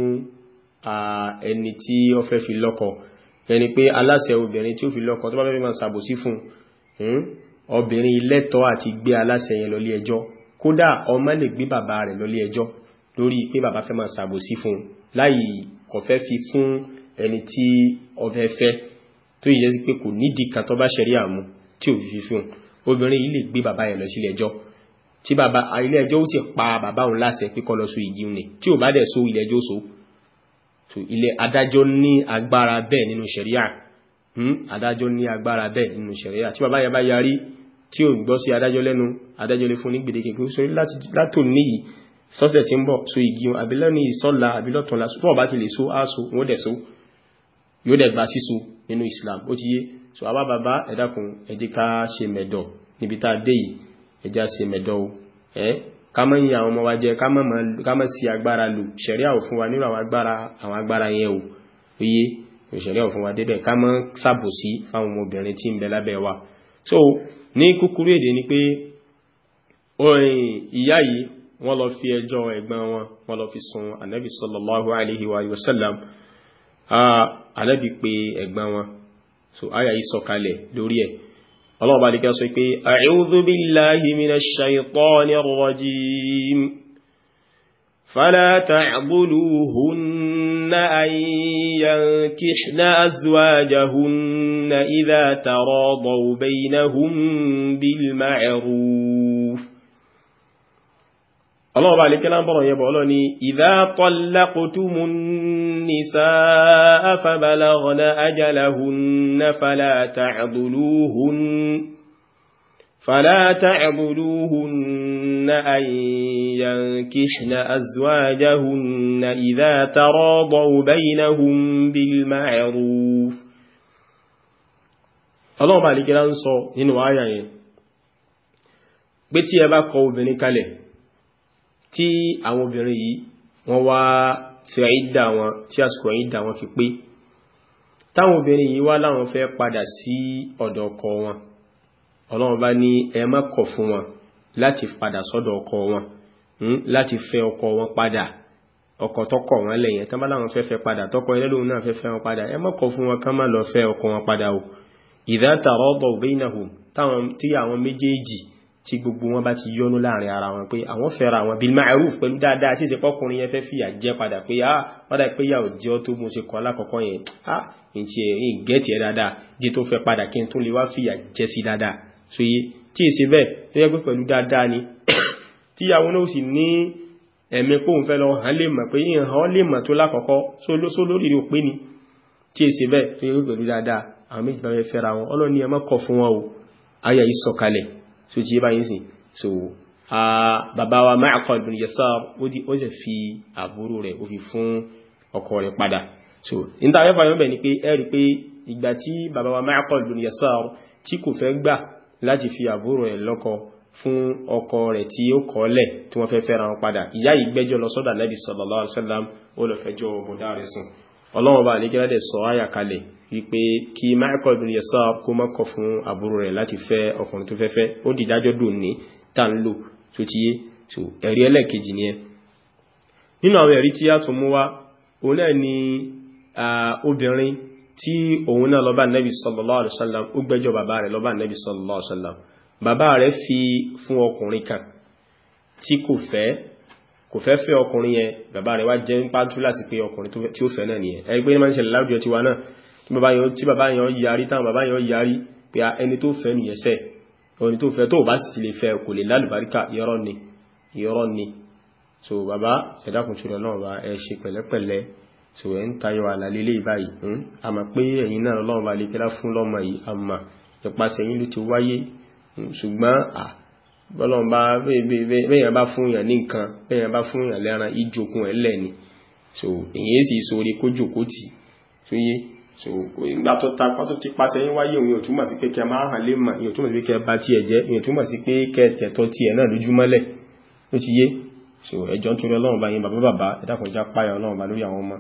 ẹni tí ó fẹ́ fi lọ́kọ ẹni pé aláṣẹ obìnrin tí ó fi lọ́kọ tó bá fẹ́ máa ṣàbòsí fún hmm, obìnrin ilẹ́tọ́ àti gbé aláṣẹ yẹn lọlé ẹjọ́ kódà ọmọ lè gbé bàbá rẹ̀ lọlé ẹjọ́ lórí pé bàbá fẹ́ máa ṣàbòsí fún láì kò fẹ́ fi fún ẹni tí ó fẹ́ fẹ́ tó yẹ sí pé kò nídìí kan tó bá ṣẹ̀rí àmú tí ò fi fi fún obìnrin yìí lè gbé bàbá yẹn lọ sílé ẹjọ́ tí bàbá ilé ẹjọ́ ó sì pa bàbá òun láṣẹ pé kó lọ so igi ni tí ò bá dẹ̀ so ilé ẹjọ́ so so ilé adájọ́ ní agbára bẹ́ẹ̀ nínú ṣẹ̀ríà hmm? adájọ́ ní agbára bẹ́ẹ̀ nínú ṣẹ̀ríà tí bàbá yẹn bá yarí tí ò gbọ́ sí adájọ́ lẹ́nu adájọ́ lè fún ní gbèdéke pé so látò níyì sọ́sẹ̀ tí ń bọ̀ so igi àbílẹ́nu ìsọ́la àbílọ́tọ̀la tó ọ̀bá so áso wọ́n so yóò dẹ̀ gba síso Islam ó ti so àbá bàbá ẹ̀dàkùn ẹ jẹ́ ká ṣe mẹ̀dọ̀ ẹ́ Kama yìí àwọn ọmọ wa jẹ kámọ́ sí agbára lò ṣẹ̀ríà ò fún wa nínú àwọn agbára yẹn ò oyé ṣẹ̀ríà ò fún wa débẹ̀ kámọ́ sàbòsí fáwọn ọmọbìnrin tí ń bẹ lábẹ́ wa so ní kúkúrú èdè ni pé ìyá yìí wọ́n lọ fi ẹjọ́ ẹ̀gbọ́n wọn wọ́n lọ fi sun ànábì sallallahu alaihi wa sallam ah, ànábì pé ẹ̀gbọ́n wọn so àyà yìí sọ̀kalẹ̀ lórí ẹ̀ ọlọ́ọ̀bá lè kẹ́ sọ pé a'udhu billahi minash shaytanir rajim fala ta'buluhunna an yankihna azwajahunna idha taradaw baynahum bil ma'ruf الله بعلي كلام برا يبولوني إذا طلقتم النساء فبلغن أجلهن فلا تعضلوهن فلا تعضلوهن أن ينكحن أزواجهن إذا تراضوا بينهم بالمعروف الله بعلي كلام صو هنا آية. بيتي بتي أبقى وبنكاله tí àwọn obìnrin yìí wọ́n wá tí ìdà wọn tí àsìkò ìdà wọn fi pé táwọn obìnrin yìí wá láwọn fẹ́ padà sí ọ̀dọ̀ ọkọ wọn ọlọ́run bá ní ẹ má kọ̀ fún wọn láti padà sọ́dọ̀ ọkọ wọn hmm, láti fẹ́ ọkọ wọn padà ọkọ tọ́kọ wọn lẹ́yìn tán bá láwọn fẹ́ fẹ́ padà tọ́kọ ẹlẹ́lòun náà fẹ́ fẹ́ wọn padà ẹ má kọ̀ fún wọn kán má lọ fẹ́ ọkọ wọn padà o ìdá tààrọ́ bọ̀ bẹ́ẹ̀ náà táwọn tí àwọn méjèèjì tí gbogbo wọn bá ti yọnú láàrin ara wọn pé àwọn fẹ́ra àwọn bil ma'ruf pẹ̀lú dáadáa tí ìsẹ̀pọ̀kùnrin yẹn fẹ́ fìyà jẹ padà pé á ah, padà pé yà ò jẹ́ ọ tó mo ṣe kọ́ alákọ̀ọ́kọ́ yẹn á ah, n ti ẹ̀yìn gẹ́ẹ̀tì ẹ̀ dáadáa jẹ́ tó fẹ́ padà kí n tún lè wá fìyà jẹ sí dáadáa tí ìṣe bẹ́ẹ̀ tó yẹ ni tíyàwó náà sì ní ẹ̀mí pòun fẹ́ lọ hàn lè mọ̀ pé ìhàn lè mọ̀ ni tí èsì bẹ́ẹ̀ tó yẹ pé pẹ̀lú dáadáa àwọn méjì bá so ti bá yín sìn so bàbá wa Ma'qil bin Yasar ó sì fi àbúrò rẹ̀ ó fi fún ọkọ rẹ̀ padà so níta fẹ́fà yọ́n bẹ̀ ni pé ẹ rí pé ìgbà tí bàbá wa Ma'qil bin Yasar tí kò fẹ́ gbà láti fi àbúrò rẹ̀ lọ́kọ fún ọkọ rẹ̀ tí ó kọ́lẹ̀ tí wọ́n fẹ́ fẹ́ra wọn padà ìyá yìí gbẹ́jọ́ lọ sọ́dọ̀ Nabi sallallahu alaihi wasallam ó lọ fẹjọ́ bọ̀dá rẹ̀ sùn ọlọ́run bá àlékẹ́lẹ́dẹ̀ sọ áyà wípé kí Ma'qil bin Yasar kó má kọ̀ fún àbúrò rẹ̀ láti fẹ́ ọkùnrin tó fẹ́fẹ́ ó di ìdájọ́ dùn ní tá ń lò tó ti yé so ẹ̀rí ẹlẹ́ẹ̀kejì ni ẹ nínú àwọn ẹ̀rí tí a tún mú wá òun náà ni obìnrin tí òun náà lọ́bà nẹ́bí sallallahu alaihi wasallam ó gbẹ́jọ́ bàbá rẹ̀ lọ́bà nẹ́bí sallallahu alaihi wasallam bàbá rẹ̀ fi fún ọkùnrin kan tí kò fẹ́ kò fẹ́ fẹ́ ọkùnrin yẹn bàbá rẹ̀ wá jẹ́ ń pàtó láti pé ọkùnrin tí ó fẹ́ náà nìyẹn ẹgbẹ́ máa ń ṣẹlẹ̀ láwùjọ tiwa náà tí bàbá yẹn yarí táwọn bàbá yẹn yarí pé ẹni tó fẹ́ nìyẹn sẹ́ ẹni tó fẹ́ tó bá sì lè fẹ́ kò lè lálùbáríkà irọ́ ni so bàbá ẹ̀dàkùn ṣùgbọ́n náà bá ẹ ṣe pẹ̀lẹ́pẹ̀lẹ́ so ẹ̀ ń tayọ àlàlélé báyìí hmm? a mọ̀ pé ẹ̀yin náà lọ́wọ́ bá lè kẹ́lá fún lọ́mọ yìí a mọ̀ nípasẹ̀ yín ló ti wáyé hmm? ṣùgbọ́n à bọ́lọ́n bá bẹ́yàn bá fún yàn ní nǹkan bẹ́yàn bá fún yàn lẹ́ran ìjókun so èyí sì sórí kó jòkó tó yé so ìgbà tó ta pátó ti pàṣẹ yín wáyé òun yóò túmọ̀ sí pé kẹ máa hàn lé mọ̀ yóò túmọ̀ sí pé kẹ bá tiẹ̀ jẹ́ yóò túmọ̀ sí pé kẹ tẹ̀tọ́ tiẹ̀ náà lójúmọ́lẹ̀ ló ti yé so ẹjọ́ nítorí ọlọ́run bá yín bàbá bàbá ẹ̀dàkùn já páyà ọlọ́run bá lórí àwọn ọmọ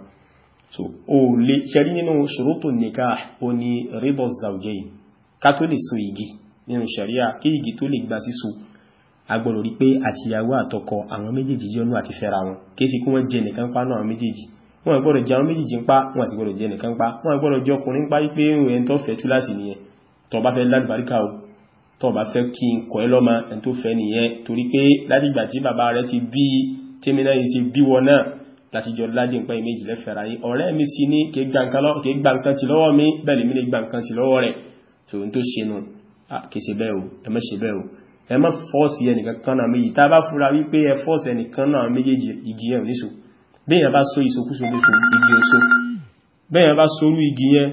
so o lè ṣẹrí nínú ṣòrótò nìka o ní rébọ̀ zàwùjẹ́ yìí ká tó lè so igi nínú ṣẹ̀ríà kí igi tó lè gba síso agbọ́dọ̀ rí pé àtìyàwó àtọkọ àwọn méjèèjì jọ́nú àti fẹ́ra wọn kí sì kí wọ́n jẹ nìkan pánú àwọn méjèèjì wọn gbọ́dọ̀ jẹ àwọn méjìjì ń pa wọn àti gbọ́dọ̀ jẹ nìkan pa wọn gbọ́dọ̀ jẹ ọkùnrin pa wípé ẹni tó fẹ́ túláàsì nìyẹn tó bá fẹ́ lálùbáríkà o tó bá fẹ́ kí n kọ́ ẹ lọ́mọ ẹni tó fẹ́ nìyẹn torí pé láti ìgbà tí bàbá rẹ ti bí tẹ́mínà yìí ti bí wọn náà láti jọ ládé nǹkan ìméjì lẹ́fẹ̀ẹ́ra yìí ọ̀rẹ́ mi sì ní kí gbà nǹkan ti lọ́wọ́ mi bẹ́ẹ̀ lèmi lè gbà nǹkan ti lọ́wọ́ bẹ́yàn bá so ìsokúso lóso igi oso bẹ́yàn bá sorú igi yẹn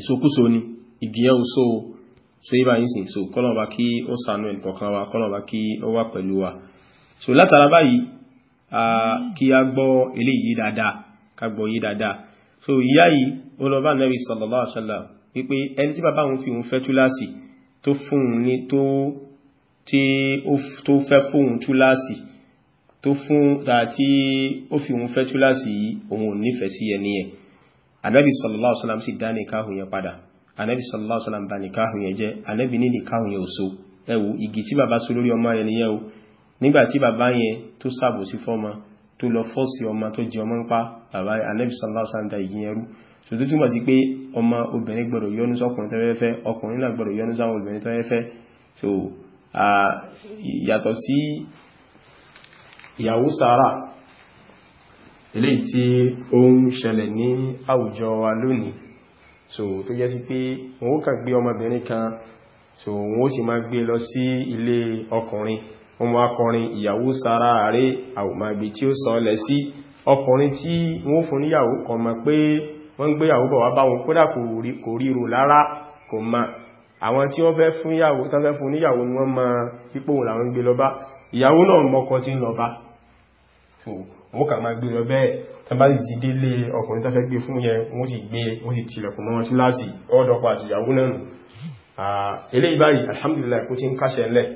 ìsokúso ni igi yẹn oso so yíba yìí sìn so kọ́nà bá kí ó sànú ẹ̀ kọ̀kan wa kọ́nà bá kí ó wà pẹ̀lú wa so látara báyìí kí a gbọ́ eléyìí dáadáa ká gbọ́ yìí dáadáa so ìyá yìí ó lọ bá Ànábì sallallahu alaihi wasallam wípé ẹni tí bàbá òun fi òun fẹ́ túláàsì tó fún un ní tó fẹ́ fóun túláàsì tó fún ta tí ó fi òun fẹ́ túláàsì yìí òun ò nífẹ̀ẹ́ sí ẹni ẹ̀ anábì sallallahu alaihi wasallam sì dá nìkáhùn yẹn padà anábì sallallahu alaihi wasallam bá nìkáhùn yẹn jẹ́ anábì ní nìkáhùn yẹn ò so ẹwù igi tí bàbá pa bàbá anábì sallallahu alaihi wasallam da igi yẹn rú so tó túmọ̀ sí pé ọmọ obìnrin gbọ́dọ̀ yọnu sọkùnrin tẹ́fẹ́fẹ́ ọkùnrin náà gbọ́dọ̀ so yàtọ̀ sí ìyàwó sàárà ilé tí ó ń ṣẹlẹ̀ ní àwùjọ wa lónìí so tó jẹ́ sí pé wọ́n kà gbé ọmọbìnrin kan so wọ́n sì máa gbé lọ sí ilé ọkùnrin wọ́n wá kọrin ìyàwó sàárà rẹ̀ àwùmàgbé tí ó sọ lẹ̀ sí ọkùnrin tí wọ́n fún níyàwó kan mọ̀ pé wọ́n gbé yàwó bọ̀ wá bá wọn kódà kò ríro lára kò máa àwọn tí wọ́n fẹ́ fún níyàwó ni wọ́n máa pípò làwọn gbé lọ bá ìyàwó náà mọ́kọ tí ń lọ bá so wọ́n kà máa gbé lọ bẹ́ẹ̀ tán bá sì délé ọkùnrin tó fẹ́ gbé fún yẹn wọ́n sì gbé wọ́n sì tilẹ̀kùn mọ́ tí láti ọ́dọ̀pọ̀ àti ìyàwó náà eléyìí báyìí alhamdulillah kó tí ń káṣẹ lẹ̀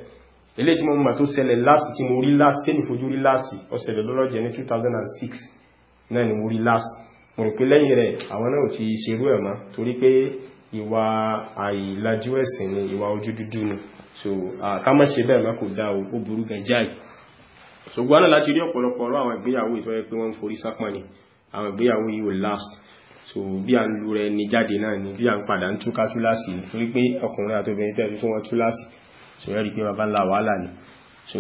eléyìí tí mo mọ̀ tó ṣẹlẹ̀ last tí mo rí last tí mi fojú rí last ọ̀sẹ̀lẹ̀ lọ́lọ́jẹ́ ní 2006 náà ni mo rí last mo rò pé lẹ́yìn rẹ̀ àwọn náà ti ṣerú ẹ̀ mọ́ torí pé ìwà àìlajú ẹ̀sìn ni ìwà so ká má ṣe bẹ́ẹ̀ mọ́ kò dá o ó burú gan ṣùgbọ́n náà láti rí ọ̀pọ̀lọpọ̀ ọ̀rọ̀ àwọn ìgbéyàwó ìtọ́jẹ́ pé wọ́n ń forí sápọn ni àwọn ìgbéyàwó yìí last so bí a ń lu rẹ ní jáde náà ni bí a ń padà ń túká túláàsì torí pé ọkùnrin àtobìnrin tẹ́lú fún wọn túláàsì so ẹ rí pé baba ńlá wàhálà ni so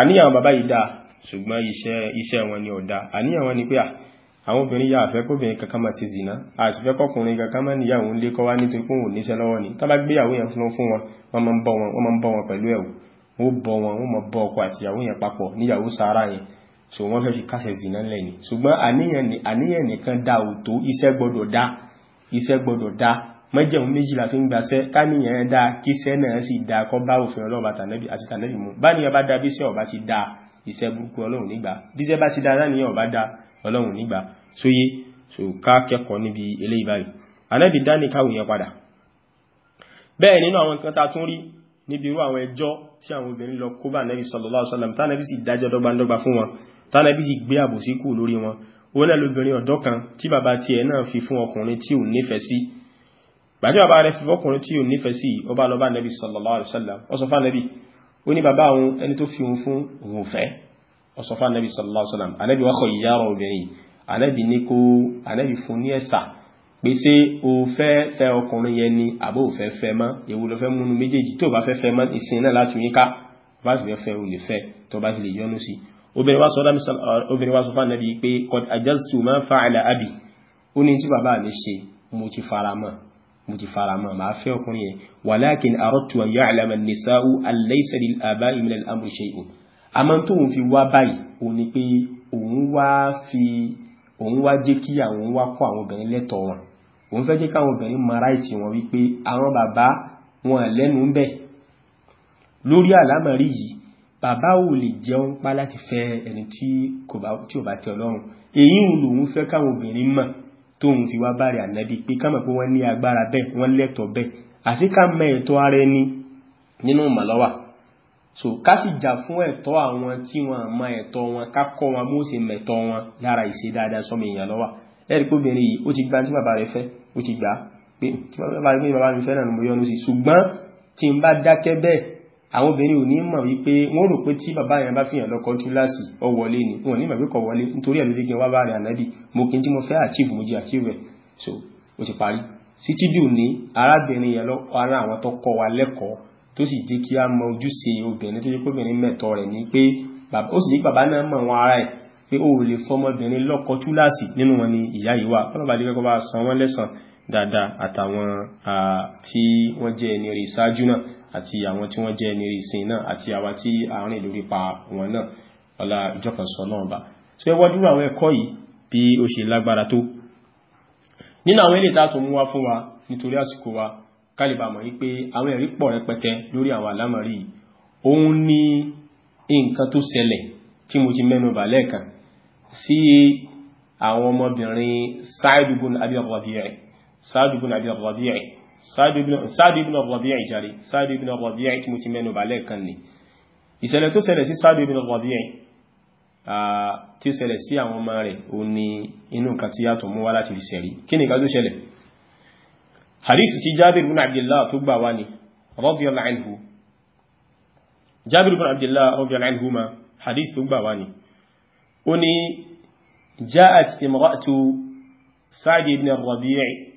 àníyàn bàbá yìí dáa ṣùgbọ́n iṣẹ́ iṣẹ́ wọn ni ọ̀dá àníyàn wọn ni pé àwọn obìnrin yà àfẹ́ kóbìnrin kankan máa ti zìnà àṣìfẹ́ kọkùnrin kankan máa níyàwó ń lé kọ́ wá nítorí pé òun níṣẹ́ lọ́wọ́ ni tábà gbéyàwó yẹn fún wọn wọ́n máa ń bọ́ wọn pẹ̀lú ẹ̀wù ó bọ wọn ó mọ bọ ọkọ àti ìyàwó yẹn papọ̀ níyàwó sàárà yẹn so wọ́n fẹ́ fi kásẹ̀ zìnà lẹ́ni ṣùgbọ́n àníyàn nìkan dá òtó iṣẹ́ gbọ́dọ̀ dá iṣẹ́ gbọ́dọ̀ dá mọ́jẹ̀mú méjì la fi ń gbaṣẹ́ káníyàn dá kíṣẹ́ náà sì dá kọ́ bá òfin ọlọ́ọ̀bá àti tànẹ́bì mu báníyàn bá dá bíṣẹ́ ọ̀bá ti dá iṣẹ́ burúkú ọlọ́run nígbà bíṣẹ́ bá ti dá láníyàn ọ̀bá dá ọlọ́run nígbà sóyé so ká kẹ́kọ̀ọ́ níbi eléyìí báyìí ànẹ́bì dá ní káwùyẹn padà bẹ́ẹ̀ nínú àwọn nǹkan ta tún rí níbi irú àwọn ẹjọ́ tí àwọn obìnrin lọ kó bá nẹ́bí sallallahu alaihi wasallam tánẹ́bí sì dájọ́ dọ́gbandọ́gba fún wọn tánẹ́bí sì gbé àbòsí kù lórí wọn wọn náà lóbìnrin ọ̀dọ́ kan tí bàbá tiẹ̀ náà fi fún ọkùnrin tí ò nífẹ̀ẹ́ sí gbàjọ́ bàbá rẹ̀ fi fọkùnrin tí ò nífẹ̀ẹ́ sí ó bá lọ bá nẹ́bí sallallahu alaihi wasallam ó sọ fánẹ́bí ó ní bàbá òun ẹni tó fi pèsè o fẹ́ fẹ́ ọkùnrin yẹn ni àbó fẹ́ fẹ́ mọ́ èwo ló fẹ́ múnú méjèèjì tó bá fẹ́ fẹ́ mọ́ ìsìn náà láti yín ká bá sì fẹ́ fẹ́ o lè fẹ́ tó bá sì lè yọnu sí obìnrin wa sọ fún ànábi pé qad ajaztu ma fa'ala abi ó ní tí bàbá mi ṣe mo ti fara mọ́ mo ti fara mọ́ màá fẹ́ ọkùnrin yẹn walakin aradtu an ya'lama an-nisa'u an laysa lil-aba'i min al-amri shay'un àmọ́ fi wá báyìí òun ni pé òun wá fi òun wá jẹ́ kí àwọn wá kọ́ àwọn obìnrin lẹ́tọ̀ọ́ wọn òun fẹ́ jẹ́ káwọn obìnrin mọ ráìtì wọn wípé àwọn bàbá wọn lẹ́nu ń bẹ̀ lórí àlámọ̀rí yìí bàbá ò lè jẹun pa láti fẹ́ ẹni tí kò bá tẹ ọlọ́run èyí ń lòun fẹ́ káwọn obìnrin mọ̀ tóun fi wá bàrẹ̀ ànábì pé ká mọ̀ pé wọ́n ní agbára bẹ́ẹ̀ wọ́n lẹ́tọ̀ọ́ bẹ́ẹ̀ àti ká mọ ẹ̀tọ́ ara ẹni nínú ìmọ̀lọ́wà so ká sì jà fún ẹ̀tọ́ àwọn tí wọ́n mọ ẹ̀tọ́ wọn ká kọ́ wọn bó ṣe mẹ̀tọ́ wọn lára ìṣe dáadáa sọmọ èèyàn lọ́wà ẹ̀rí pé obìnrin yìí ó ti gbá bàbá rẹ̀ fẹ́ ó ti gbà pé tí bàbá mi fẹ́ràn mo yọ́nú sí ṣùgbọ́n tí n bá dákẹ́ bẹ́ẹ̀ àwọn obìnrin ò ní mọ̀ wípé wọ́n rò pé tí bàbá yẹn bá fihàn lọ́kọ́ túláàsì ọ wọlé ni wọ́n ní mọ̀ pé kọ̀ wọlé nítorí ẹ̀ lórí kí wá bá ànábì mo kí n tí mo fẹ́ àchíìfù mo jẹ́ àchíìfù so ó ti parí sí tí dùn ní arábìnrin yẹn lọ ara àwọn tó kọ́ wa lẹ́kọ̀ọ́ tó sì jẹ́ kí a mọ ojúṣe obìnrin tó jẹ́ pé mẹ́tọ́ rẹ̀ ni pé ó sì jẹ́ bàbá náà mọ̀ wọn ara ẹ̀ pé ó lè fọmọbìnrin lọ́kọ túláàsì nínú wọn ni ìyá yìí wà ọlọ́bàá lè kọ́kọ́ bá san wọ́n lẹ́san dáadáa àtàwọn tí wọ́n jẹ́ ẹni rí ìṣáájú náà àti àwọn tí wọ́n jẹ́ ẹni ìsìn náà àti àwa tí àárín lórí pa wọn náà ọlá ìjọkan sọ náà bá so ẹ wọ́dúrú àwọn ẹ̀kọ́ yìí bí ó ṣe lágbára tó nínú àwọn ilé tó mú wá fún wa nítorí àsìkò wa kálíbà mọ̀ wípé àwọn ẹ̀rí pọ̀ rẹpẹtẹ lórí àwọn àlámọ̀rí òun ni nǹkan tó ṣẹlẹ̀ tí mo ti mẹ́nu bà lẹ́ẹ̀kan sí àwọn ọmọbìnrin Sa'id ibn Abi Rabi'i Sa'id ibn Abi Rabi'i Sa'id ibn Rabi'i jàre Sa'id ibn Rabi'i tí mo ti mẹ́nu bà lẹ́ẹ̀kan ni ìṣẹ̀lẹ̀ tó ṣẹlẹ̀ sí Sa'id ibn Rabi'i tí ó ṣẹlẹ̀ sí àwọn ọmọ rẹ̀ o ní inú nǹkan tí yàtọ̀ mú wá láti fi ṣẹ̀rí kí ni nǹkan tó ṣẹlẹ̀ hadith tí Jabir ibn Abdillah tó ó ní ja'at imra'atu Sa'd ibn Rabi'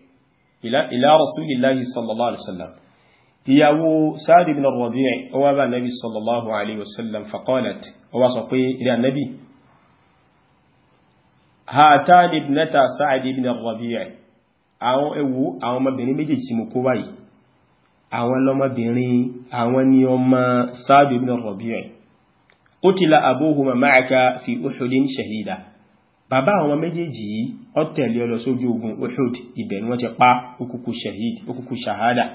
ila rasulillahi sallallahu alaihi wasallam ìyàwó Sa'd ibn Rabi' ó wá bá nabi sallallahu alaihi wasallam faqalat ó wá sọ pé ilé annabi hatan ibnata Sa'd ibn Rabi' àwọn ewu àwọn ọmọbìnrin méjèèjì tí mo kó wáyìí àwọn lọ́mọbìnrin àwọn ni ọmọ Sa'd ibn qutila abuhuma ma'aka fi uhudin shahida bàbá àwọn méjèèjì yìí ó tẹ̀lé ọ lọ sójú ogun uhud ibẹ̀ ni wọ́n ti pa okuku shahid okuku shahada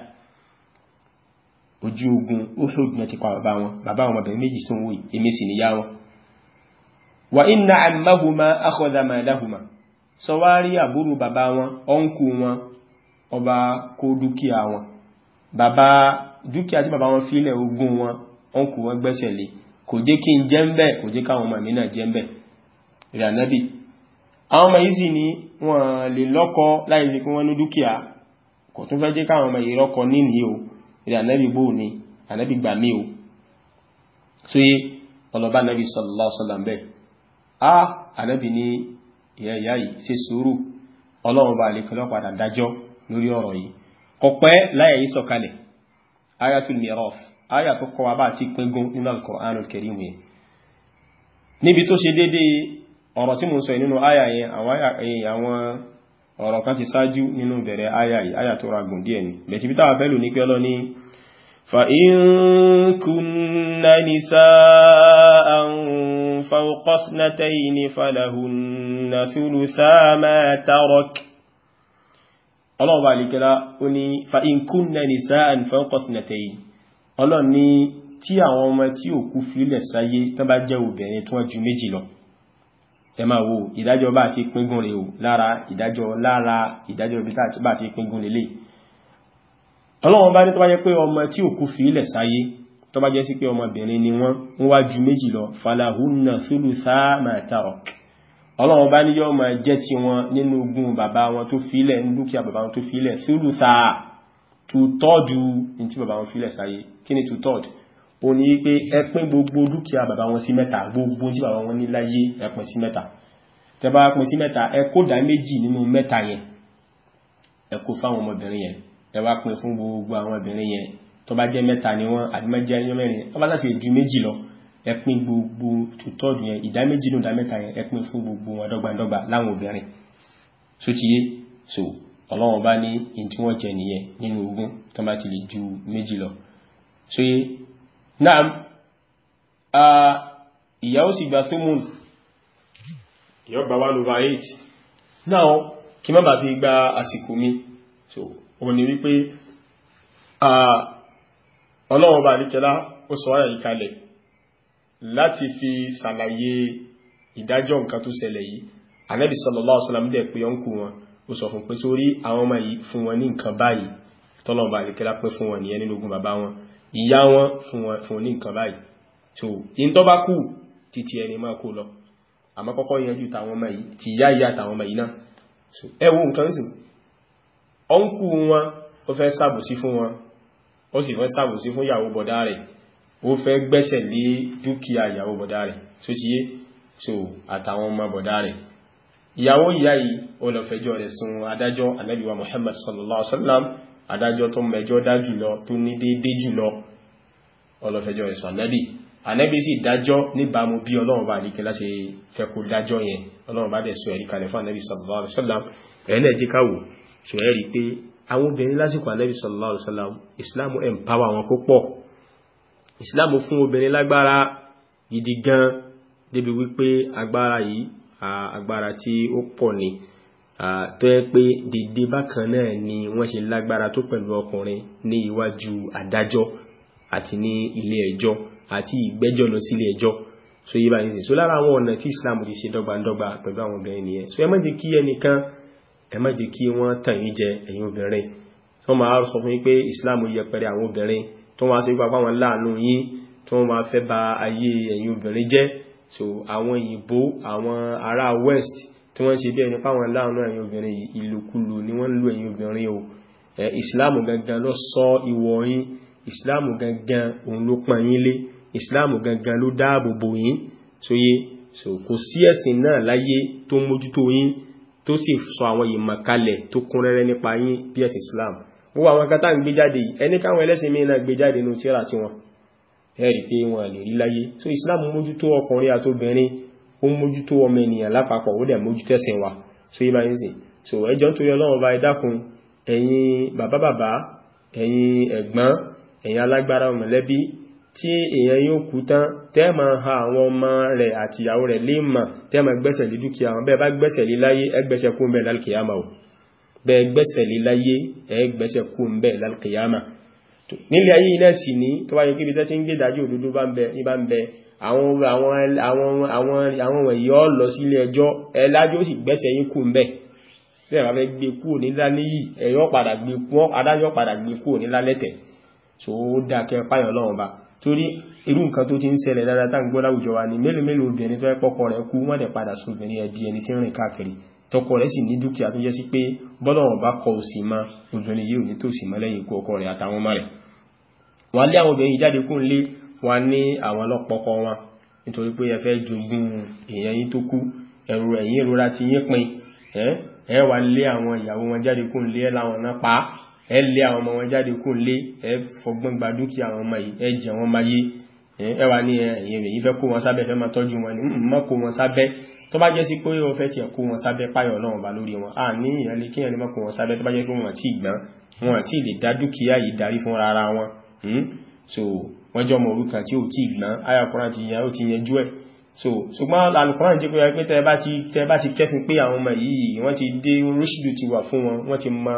ojú ogun uhud náà ti pa bàbá wọn bàbá àwọn ọmọbìnrin méjì tó ń wòye èmi sì níyá wọn wa inna ammahuma akhadha malahuma sọwárí kò jẹ́ kí n jẹ́ ń bẹ̀ kò jẹ́ káwọn ọmọ mi náà jẹ́ ń bẹ̀ rẹ̀ ànábì àwọn ọmọ yìí sì ni wọ́n lè lọ́kọ láì fi kí wọ́n ní dúkìá kò tún fẹ́ jẹ́ káwọn ọmọ yìí rọ́kọ níní o rẹ̀ ànábì bò ní ànábì gbà mí o tó yé ọlọ́ba ànábì sallallahu alaihi wasallam bẹ́ẹ̀ a ànábì ní ìyá ìyá yìí ṣe sùúrù ọlọ́run bá lè fẹ́lọ́ padà dájọ́ lórí ọ̀rọ̀ yìí kọ̀pẹ́ láyà yìí sọ̀kalẹ̀ ayatul miraf àyà tó kọ́ wa bá ti pín gún nínú Al-Qur'anul Karim yẹn níbi tó ṣe dédé ọ̀rọ̀ tí mo sọ nínú àyà yẹn eh, àwọn ọ̀rọ̀ kan ti ṣáájú nínú bẹ̀rẹ̀ àyà yìí àyà tó ra gùn díẹ̀ ni bẹ̀tí bí táwà ní pé ọlọ́ ní فإن كن نساء ní فإن كن نساء فوق ọlọ́run ni tí àwọn ọmọ tí òkú filẹ̀ sáyé tán bá jẹ́ obìnrin tó wọ́n ju méjì lọ ẹ máa wo ìdájọ́ bá ti píngun rẹ̀ o lára ìdájọ́ lára ìdájọ́ ibi bá ti píngun lélẹ̀ ọlọ́run bá ní tó bá jẹ́ pé ọmọ tí òkú filẹ̀ sáyé tó bá jẹ́ sí pé ọmọbìnrin ni wọ́n ń wá ju méjì lọ falahunna thulutha ma tarak ọlọ́run bá ní yọ́ máa jẹ́ ti wọn nínú ogún bàbá wọn tó filẹ̀ ń dúkìá bàbá wọn tó filẹ̀ thulutha tutọ́ọ̀dù in tí bàbá wọn fílẹ̀ sáyé kí ni tutọ́ọ̀dù ó ní pé ẹpín gbogbo dúkìá bàbá wọn sí mẹ́ta gbogbo tí bàbá wọn ní láyé ẹpín sí mẹ́ta tẹbà pín sí mẹ́ta ẹkódà méjì nínú mẹ́ta yẹn ẹkó fáwọn ọmọbìnrin yẹn ẹwà pín fún gbogbo àwọn obìnrin yẹn tó bá jẹ́ mẹ́ta ni wọ́n àdìmọ́jẹ́ ẹyọ mẹ́rin tó bá láti ju méjì lọ ẹpín gbogbo tutọ́ọ̀dù yẹn ìdá méjì nínú ìdá mẹ́ta yẹn ẹpín fún gbogbo wọn dọ́gbandọ́gba láwọn obìnrin so ti so ọlọ́run bá ní in tí wọ́n jẹ nìyẹn nínú ogún tó bá ti lè ju méjì lọ so yé náà a ìyàwó sì gba sumun yọ bá 1 over 8 náà kí má bá fi gba àsìkò mi so òun ni wípé ọlọ́run bá níkẹlá ó sọ ayà ìkalẹ̀ láti fi ṣàlàyé ìdájọ́ nǹkan tó ṣẹlẹ̀ yìí Ànábì sallallahu alaihi dẹ̀ pé ọkùn wọn ó sọ fún pé sórí àwọn ọmọ yìí fún wọn ní nǹkan báyìí tọ́lọ̀mbà àríkẹ́lá pé fún wọn nìyẹn nínú ogun bàbá wọn ìyá wọn fún wọn ní nǹkan báyìí so in tó bá kù títí ẹni máa kó lọ àmọ́ kọ́kọ́ yanjú tàwọn ọmọ yìí ti ìyá ìyá tàwọn ọmọ yìí náà so ẹ wo nǹkan sì ọ́nkù wọn ó fẹ́ ṣàbòsí fún wọn ó sì fẹ́ ṣàbòsí fún ìyàwó bọ̀dá rẹ̀ ó fẹ́ gbẹ́sẹ̀ lé dúkìá ìyàwó bọ̀dá rẹ̀ so ti yé so àtàwọn ọmọ bọ̀dá rẹ̀ ìyàwó ìyá yìí olọ́fẹjọ́ rẹ̀ sun adájọ́ Ànábì wa Muhammad sallallahu alaihi wasallam adájọ́ tó mẹjọ́ dá jùlọ tó ní déédé jùlọ olọ́fẹjọ́ rẹ̀ sun Ànábì Ànábì sì dájọ́ níbàámu bí Ọlọ́run bá ní kí láti fẹ́ kó dájọ́ yẹn Ọlọ́run bá dẹ̀ sọ ẹ̀rí kalẹ̀ fún Ànábì sallallahu alaihi wasallam ẹ̀ẹ́lẹ̀ jẹ́ káwò sọ ẹ̀rí pé àwọn obìnrin lásìkò Ànábì sallallahu alaihi agbára tí ó pọ̀ ni tó yẹ pé dìde bákan náà ni wọ́n ṣe lágbára tó pẹ̀lú ọkùnrin ní iwájú adájọ́ àti ní ilé ẹjọ́ àti ìgbẹ́jọ́ lọ sí ilé ẹjọ́ so yí báyìí sí so lára àwọn ọ̀nà tí Islam ti ṣe dọ́gbandọ́gba pẹ̀lú àwọn obìnrin nìyẹn so ẹ má jẹ́ kí ẹnìkan ẹ má jẹ́ kí wọ́n tàn yín jẹ ẹ̀yin obìnrin tó máa sọ fún yín pé Islam yẹpẹrẹ àwọn obìnrin tó máa ṣe gbapá wọn láàánú yín tó máa fẹ́ ba ayé ẹ̀yin obìnrin jẹ́ so àwọn ìbò àwọn ará west tí wọ́n ṣe bí ẹni páwọn láàánú ẹ̀yin obìnrin ìlòkulò ni wọ́n ń lò obìnrin o ìsìláàmù gangan ló sọ ìwọ̀ yín ìsìláàmù gangan òun ló pọn yín lé ìsìláàmù gangan ló dáàbò bò so yé so kò sí ẹ̀sìn náà láyé tó mójútó yín tó sì sọ àwọn ìmọ̀kalẹ̀ tó kún rẹ́rẹ́ nípa yín bí ẹ̀sìn islam gbogbo àwọn kan tá à ń gbé jáde yìí ẹni káwọn ẹlẹ́sìn mìíràn gbé jáde nínú tíra tiwọn ẹ̀rí pé wọn lè rí láyé so islam mójútó ọkùnrin àtobìnrin ó mójútó ọmọ ènìyàn lápapọ̀ ó dẹ̀ mójútó ẹ̀sìn wa so yí bá yín sìn so ẹjọ́ nítorí ọlọ́run bá ẹ dákun ẹ̀yin bàbá bàbá ẹ̀yin ẹ̀gbọ́n ẹ̀yin alágbára mọ̀lẹ́bí tí èèyàn yóò kú tán tẹ́ẹ̀mà ha àwọn ọmọ rẹ̀ àti ìyàwó rẹ̀ lè mà tẹ́ẹ̀mà gbẹ́sẹ̀ lé dúkìá wọn bẹ́ẹ̀ bá gbẹ́sẹ̀ lé láyé ẹgbẹ́sẹ̀ kú ń bẹ̀ lálkìyàmà ò bẹ́ẹ̀ gbẹ́sẹ̀ lé láyé ẹgbẹ́sẹ̀ kú ń bẹ̀ lálkìyàmà nílé ayé iná sì ní tó bá yẹ kí ibi tẹ́ ti ń gbé ìdájọ́ òdodo bá ń bẹ ní bá ń bẹ àwọn àwọn àwọn àwọn àwọn wọ̀nyí ọ́ lọ sí ilé ẹjọ́ ẹlájọ́ sì gbẹ́sẹ̀ yín kù ń bẹ̀ bẹ́ẹ̀ bá fẹ́ gbé kúrò nílá níyì ẹ̀yọ́ padà gbé pọ́n adájọ́ padà gbé kúrò nílá lẹ́tẹ̀ tó dákẹ́ páyọ̀ lọ́wọ́n bá torí irú nǹkan tó ti ń ṣẹlẹ̀ dáadáa tá ń gbọ́ wa ni mélòó mélòó obìnrin tó ẹ pọ́kọ tọkọ rẹ̀ sì ní dúkìá tó jẹ́ sí pé bọ́lọ̀wọ̀n bá kọ òsì mọ́ obìnrin yìí ò ní tòsí mọ́ lẹ́yìn ikú ọkọ rẹ̀ àtàwọn ọmọ rẹ̀ wọ́n lé àwọn obìnrin jáde kún lé wọ́n ní àwọn ọlọ́pọ̀kọ wọn nítorí pé ẹ fẹ́ jogún èèyàn yín tó kú ẹ̀rù ẹ̀yìn ìrora ti yín pin ẹ wà lé àwọn ìyàwó wọn jáde kún lé láwọn náà pa ẹ lé àwọn ọmọ wọn jáde kún lé ẹ fọgbọ́n gba dúkìá àwọn ọmọ yìí ẹ jẹ wọn máa yé ẹ wà ní ẹ̀yìn rẹ̀ yìí fẹ́ kó wọn sábẹ́ fẹ́ máa tọ́jú wọn ni mọ́ kó wọn sábẹ́ tó bá jẹ́ sí pé ó fẹ́ tiẹ̀ kó wọn sábẹ́ páyọ̀ náà bá lórí wọn a ní ìyànlé kíyàn ní mọ́ kó wọn sábẹ́ tó bá jẹ́ pé wọn àti ìgbọ́n wọn àti lè dá dúkìá yìí darí fún rárá wọn Hmm? so wọ́n jọ mọ̀ orúkà tí ó tí ìgbọ́n ayàkùnrin ti yàn ó ti yẹn jú ẹ̀ so ṣùgbọ́n alùkùnrin jẹ́ pé pé tẹ́ bá ti kẹ́fin pé àwọn ọmọ yìí wọ́n ti dé rúṣìdù ti wà fún wọn wọ́n ti mọ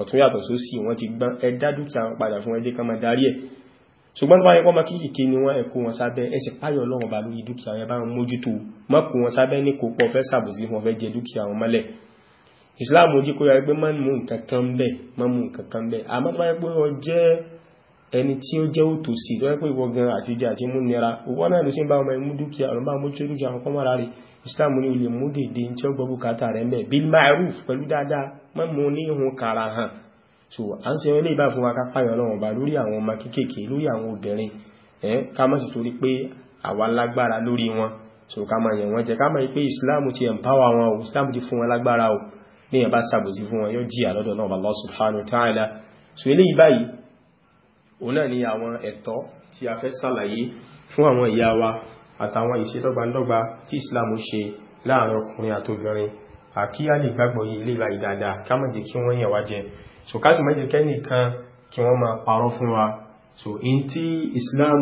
ọ̀tún yàtọ̀ sósì wọ́n ti gbọ́n ẹ dá dúkìá padà fún ẹjẹ́ kan máa darí ẹ̀ ṣùgbọ́n tó bá yẹ kọ́ máa kíkìkì ni wọ́n ẹ̀kọ́ wọn sábẹ́ ẹ̀sẹ̀ páyọ̀ ọlọ́run bá lórí dúkìá yẹn bá wọn mójútó mọ́kù wọn sábẹ́ ní kò pọ̀ fẹ́ sàbòsí wọn fẹ́ jẹ dúkìá wọn mọ́lẹ̀ ìsìláàmù ojú kó yẹ pé má mú nǹkan kan bẹ́ẹ̀ má mú nǹkan kan bẹ́ẹ̀ àmọ́ tó bá yẹ pé wọ́n jẹ́ ẹni tí ó jẹ́ òtòsí tó ẹ́pẹ́ ìwọ gan àti jẹ́ àti mú nira owó náà ló sí bá ọmọ ẹmú dúkìá ọ̀nà bá mójú dúkìá àwọn kọ́mọ́ rárẹ̀ Islam ní olè mú dèdè tí ó gbọ́ bùkátà rẹ̀ mẹ́ bil ma'ruf pẹ̀lú dáadáa má mú ní ihun kàrà hàn so à ń ṣe ilé ìbá fún wa ká pààyàn lọ́wọ́ bá lórí àwọn ọmọ kéékèèké lórí àwọn so ká má yẹn wọn jẹ Islam ti empower wọn o Islam ti fún wọn lágbára o ní ẹ̀ bá ṣàbòsí fún wọn Allah subhanahu wa ta'ala so eléyìí báyìí òun náà ni àwọn ẹ̀tọ́ tí a fẹ́ sàlàyé fún àwọn ìyá wa àtàwọn ìṣẹ́dọ́gbandọ́gba tí Islam ṣe láàrin ọkùnrin àtòbìnrin àkí a lè gbàgbọ́ yìí lè báyìí dáadáa kí wọ́n yẹ̀ wá jẹ so ká sì má jẹ́ kẹ́nìkan kí so in tí Islam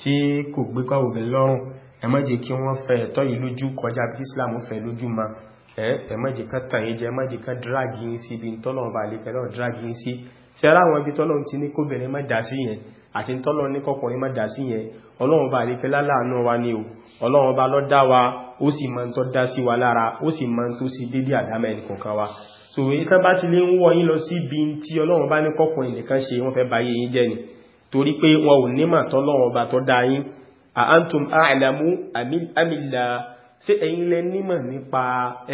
tí kò gbé pàwọ̀gbẹ̀ lọ́rùn ẹ má jẹ́ kí wọ́n fẹ́ ẹ̀tọ́ yìí lójú kọjá bí Islam fẹ́ lójú ma ẹ drag yín sí ṣe ara àwọn ibi tọ́lọ́run ti ní kóbìnrin má dá sí yẹn àti tọ́lọ́run ní kọkùnrin má dá sí yẹn ọlọ́run bá àríkẹ́ láàánú wa ni o ọlọ́run bá lọ dá wa ó sì mọ́ tó dá sí wa lára ó sì mọ́ tó sí dédé àdámẹ́ nìkọ̀ọ̀kan wa so ìkan bá ti lè ń wọ́ yín lọ sí ibi tí ọlọ́run bá ní kọkùnrin nìkan ṣe wọ́n fẹ́ ba yé yín jẹ́ ni torí pé wọn ò nímọ̀ tọ́lọ́run bá tó dá yín a antum a'lamu ṣé ẹ̀yin lẹ nímọ̀ nípa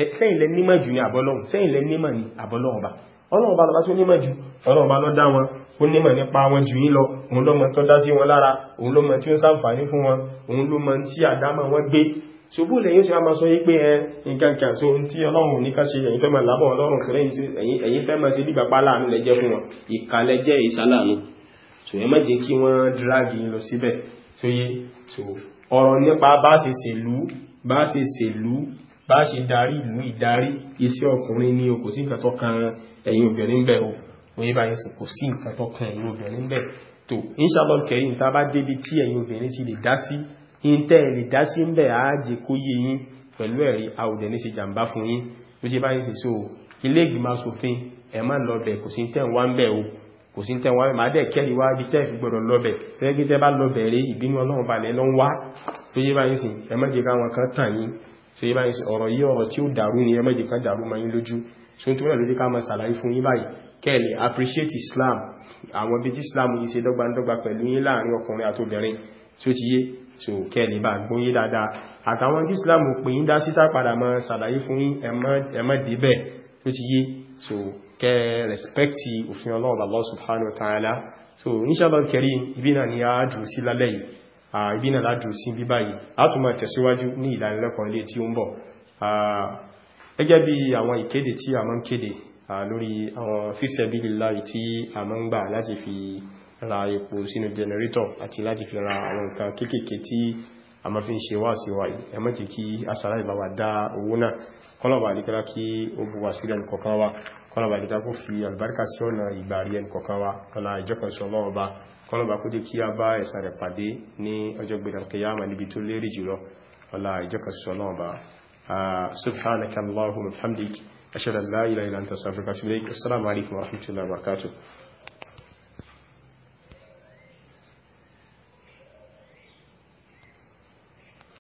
ẹ̀yin lẹ nímọ̀ jù ní àbọ́lọ́run ṣé ẹ̀yin nímọ̀ ní àbọ́lọ́run bá ọlọ́run bá lọ bá tí ó nímọ̀ jù ọlọ́run bá lọ dá wọn ó nímọ̀ nípa wọn jù yí lọ òun ló mọ̀ tó dá sí wọn lára òun ló mọ̀ tí ó ṣàǹfààní fún wọn òun ló mọ̀ tí àdámọ̀ wọn gbé ṣubú lè yóò ṣe máa sọ yí pé ẹ nǹkan kan so tí ọlọ́run ní ká ṣe bá ṣe darí ìlú ìdarí iṣẹ́ ọkùnrin ni o kò sí nǹkan tó kan ẹ̀yin obìnrin bẹ́ẹ̀ o wọ́n yé báyìí kò sí nǹkan tó kan ẹ̀yin obìnrin bẹ́ẹ̀ tó inshallah kẹrin tá a bá débi tí ẹ̀yin obìnrin ti lè dá sí ìntẹ́ lè dá sí ń bẹ̀ ààjẹ kó yé yín pẹ̀lú ẹ̀rí àwòdẹ̀ ní ṣe jàǹbá fún yín ló ṣe báyìí sì so ilé ìgbìmọ̀ asòfin ẹ̀ má lọ bẹ̀ kò sí tẹ̀ wá ń bẹ̀ o kò sí so yí báyìí ọ̀rọ̀ yí ọ̀rọ̀ tí ó dàrú ní ẹmẹ́jì kan dàrú ma yí lójú so tó rẹ̀ lójú ká ma sàlàyé fún yín báyìí kẹ́ẹ̀lẹ̀ appreciate Islam àwọn bí Islam yìí ṣe dọ́gbandọ́gba pẹ̀lú yín láàrin ọkùnrin àtobìnrin tí ó ti yé so kẹ́ẹ̀lẹ̀ bá gbóyé dáadáa àtàwọn tí Islam pè yín dá síta padà ma sàlàyé fún yín ẹmọ́ débẹ̀ tó ti yé so kẹ́ respect òfin Ọlọ́run Allah subhanahu wa ta'ala so inshallah karim ibi náà ni a dùn sí lálẹ́ yìí ibi náà lájú sí bí báyìí a tún máa tẹ̀síwájú ní ìdánilẹ́kọ̀ọ́ ilé tí ó ń bọ̀ gẹ́gẹ́ bí àwọn ìkéde tí a máa ń kéde lórí àwọn fíṣẹ́bílìláì tí a máa ń gbà láti fi ra epo sínú jẹnẹrétọ̀ àti láti fi ra àwọn nǹkan wa yìí ẹ má jẹ́ kí aṣàrá wa kọ́lọ̀bà àdíkẹ́lá kó fi kọlọ̀bà kó jẹ́ kí a bá ẹ̀sà rẹ̀ pàdé ní ọjọ́ gbẹ̀dàn kìyàmà níbi tó lérí jùlọ ọlá ìjọkàsọ́ náà bá subhanaka allahumma wa bihamdik ashhadu an la ilaha illa anta astaghfiruka wa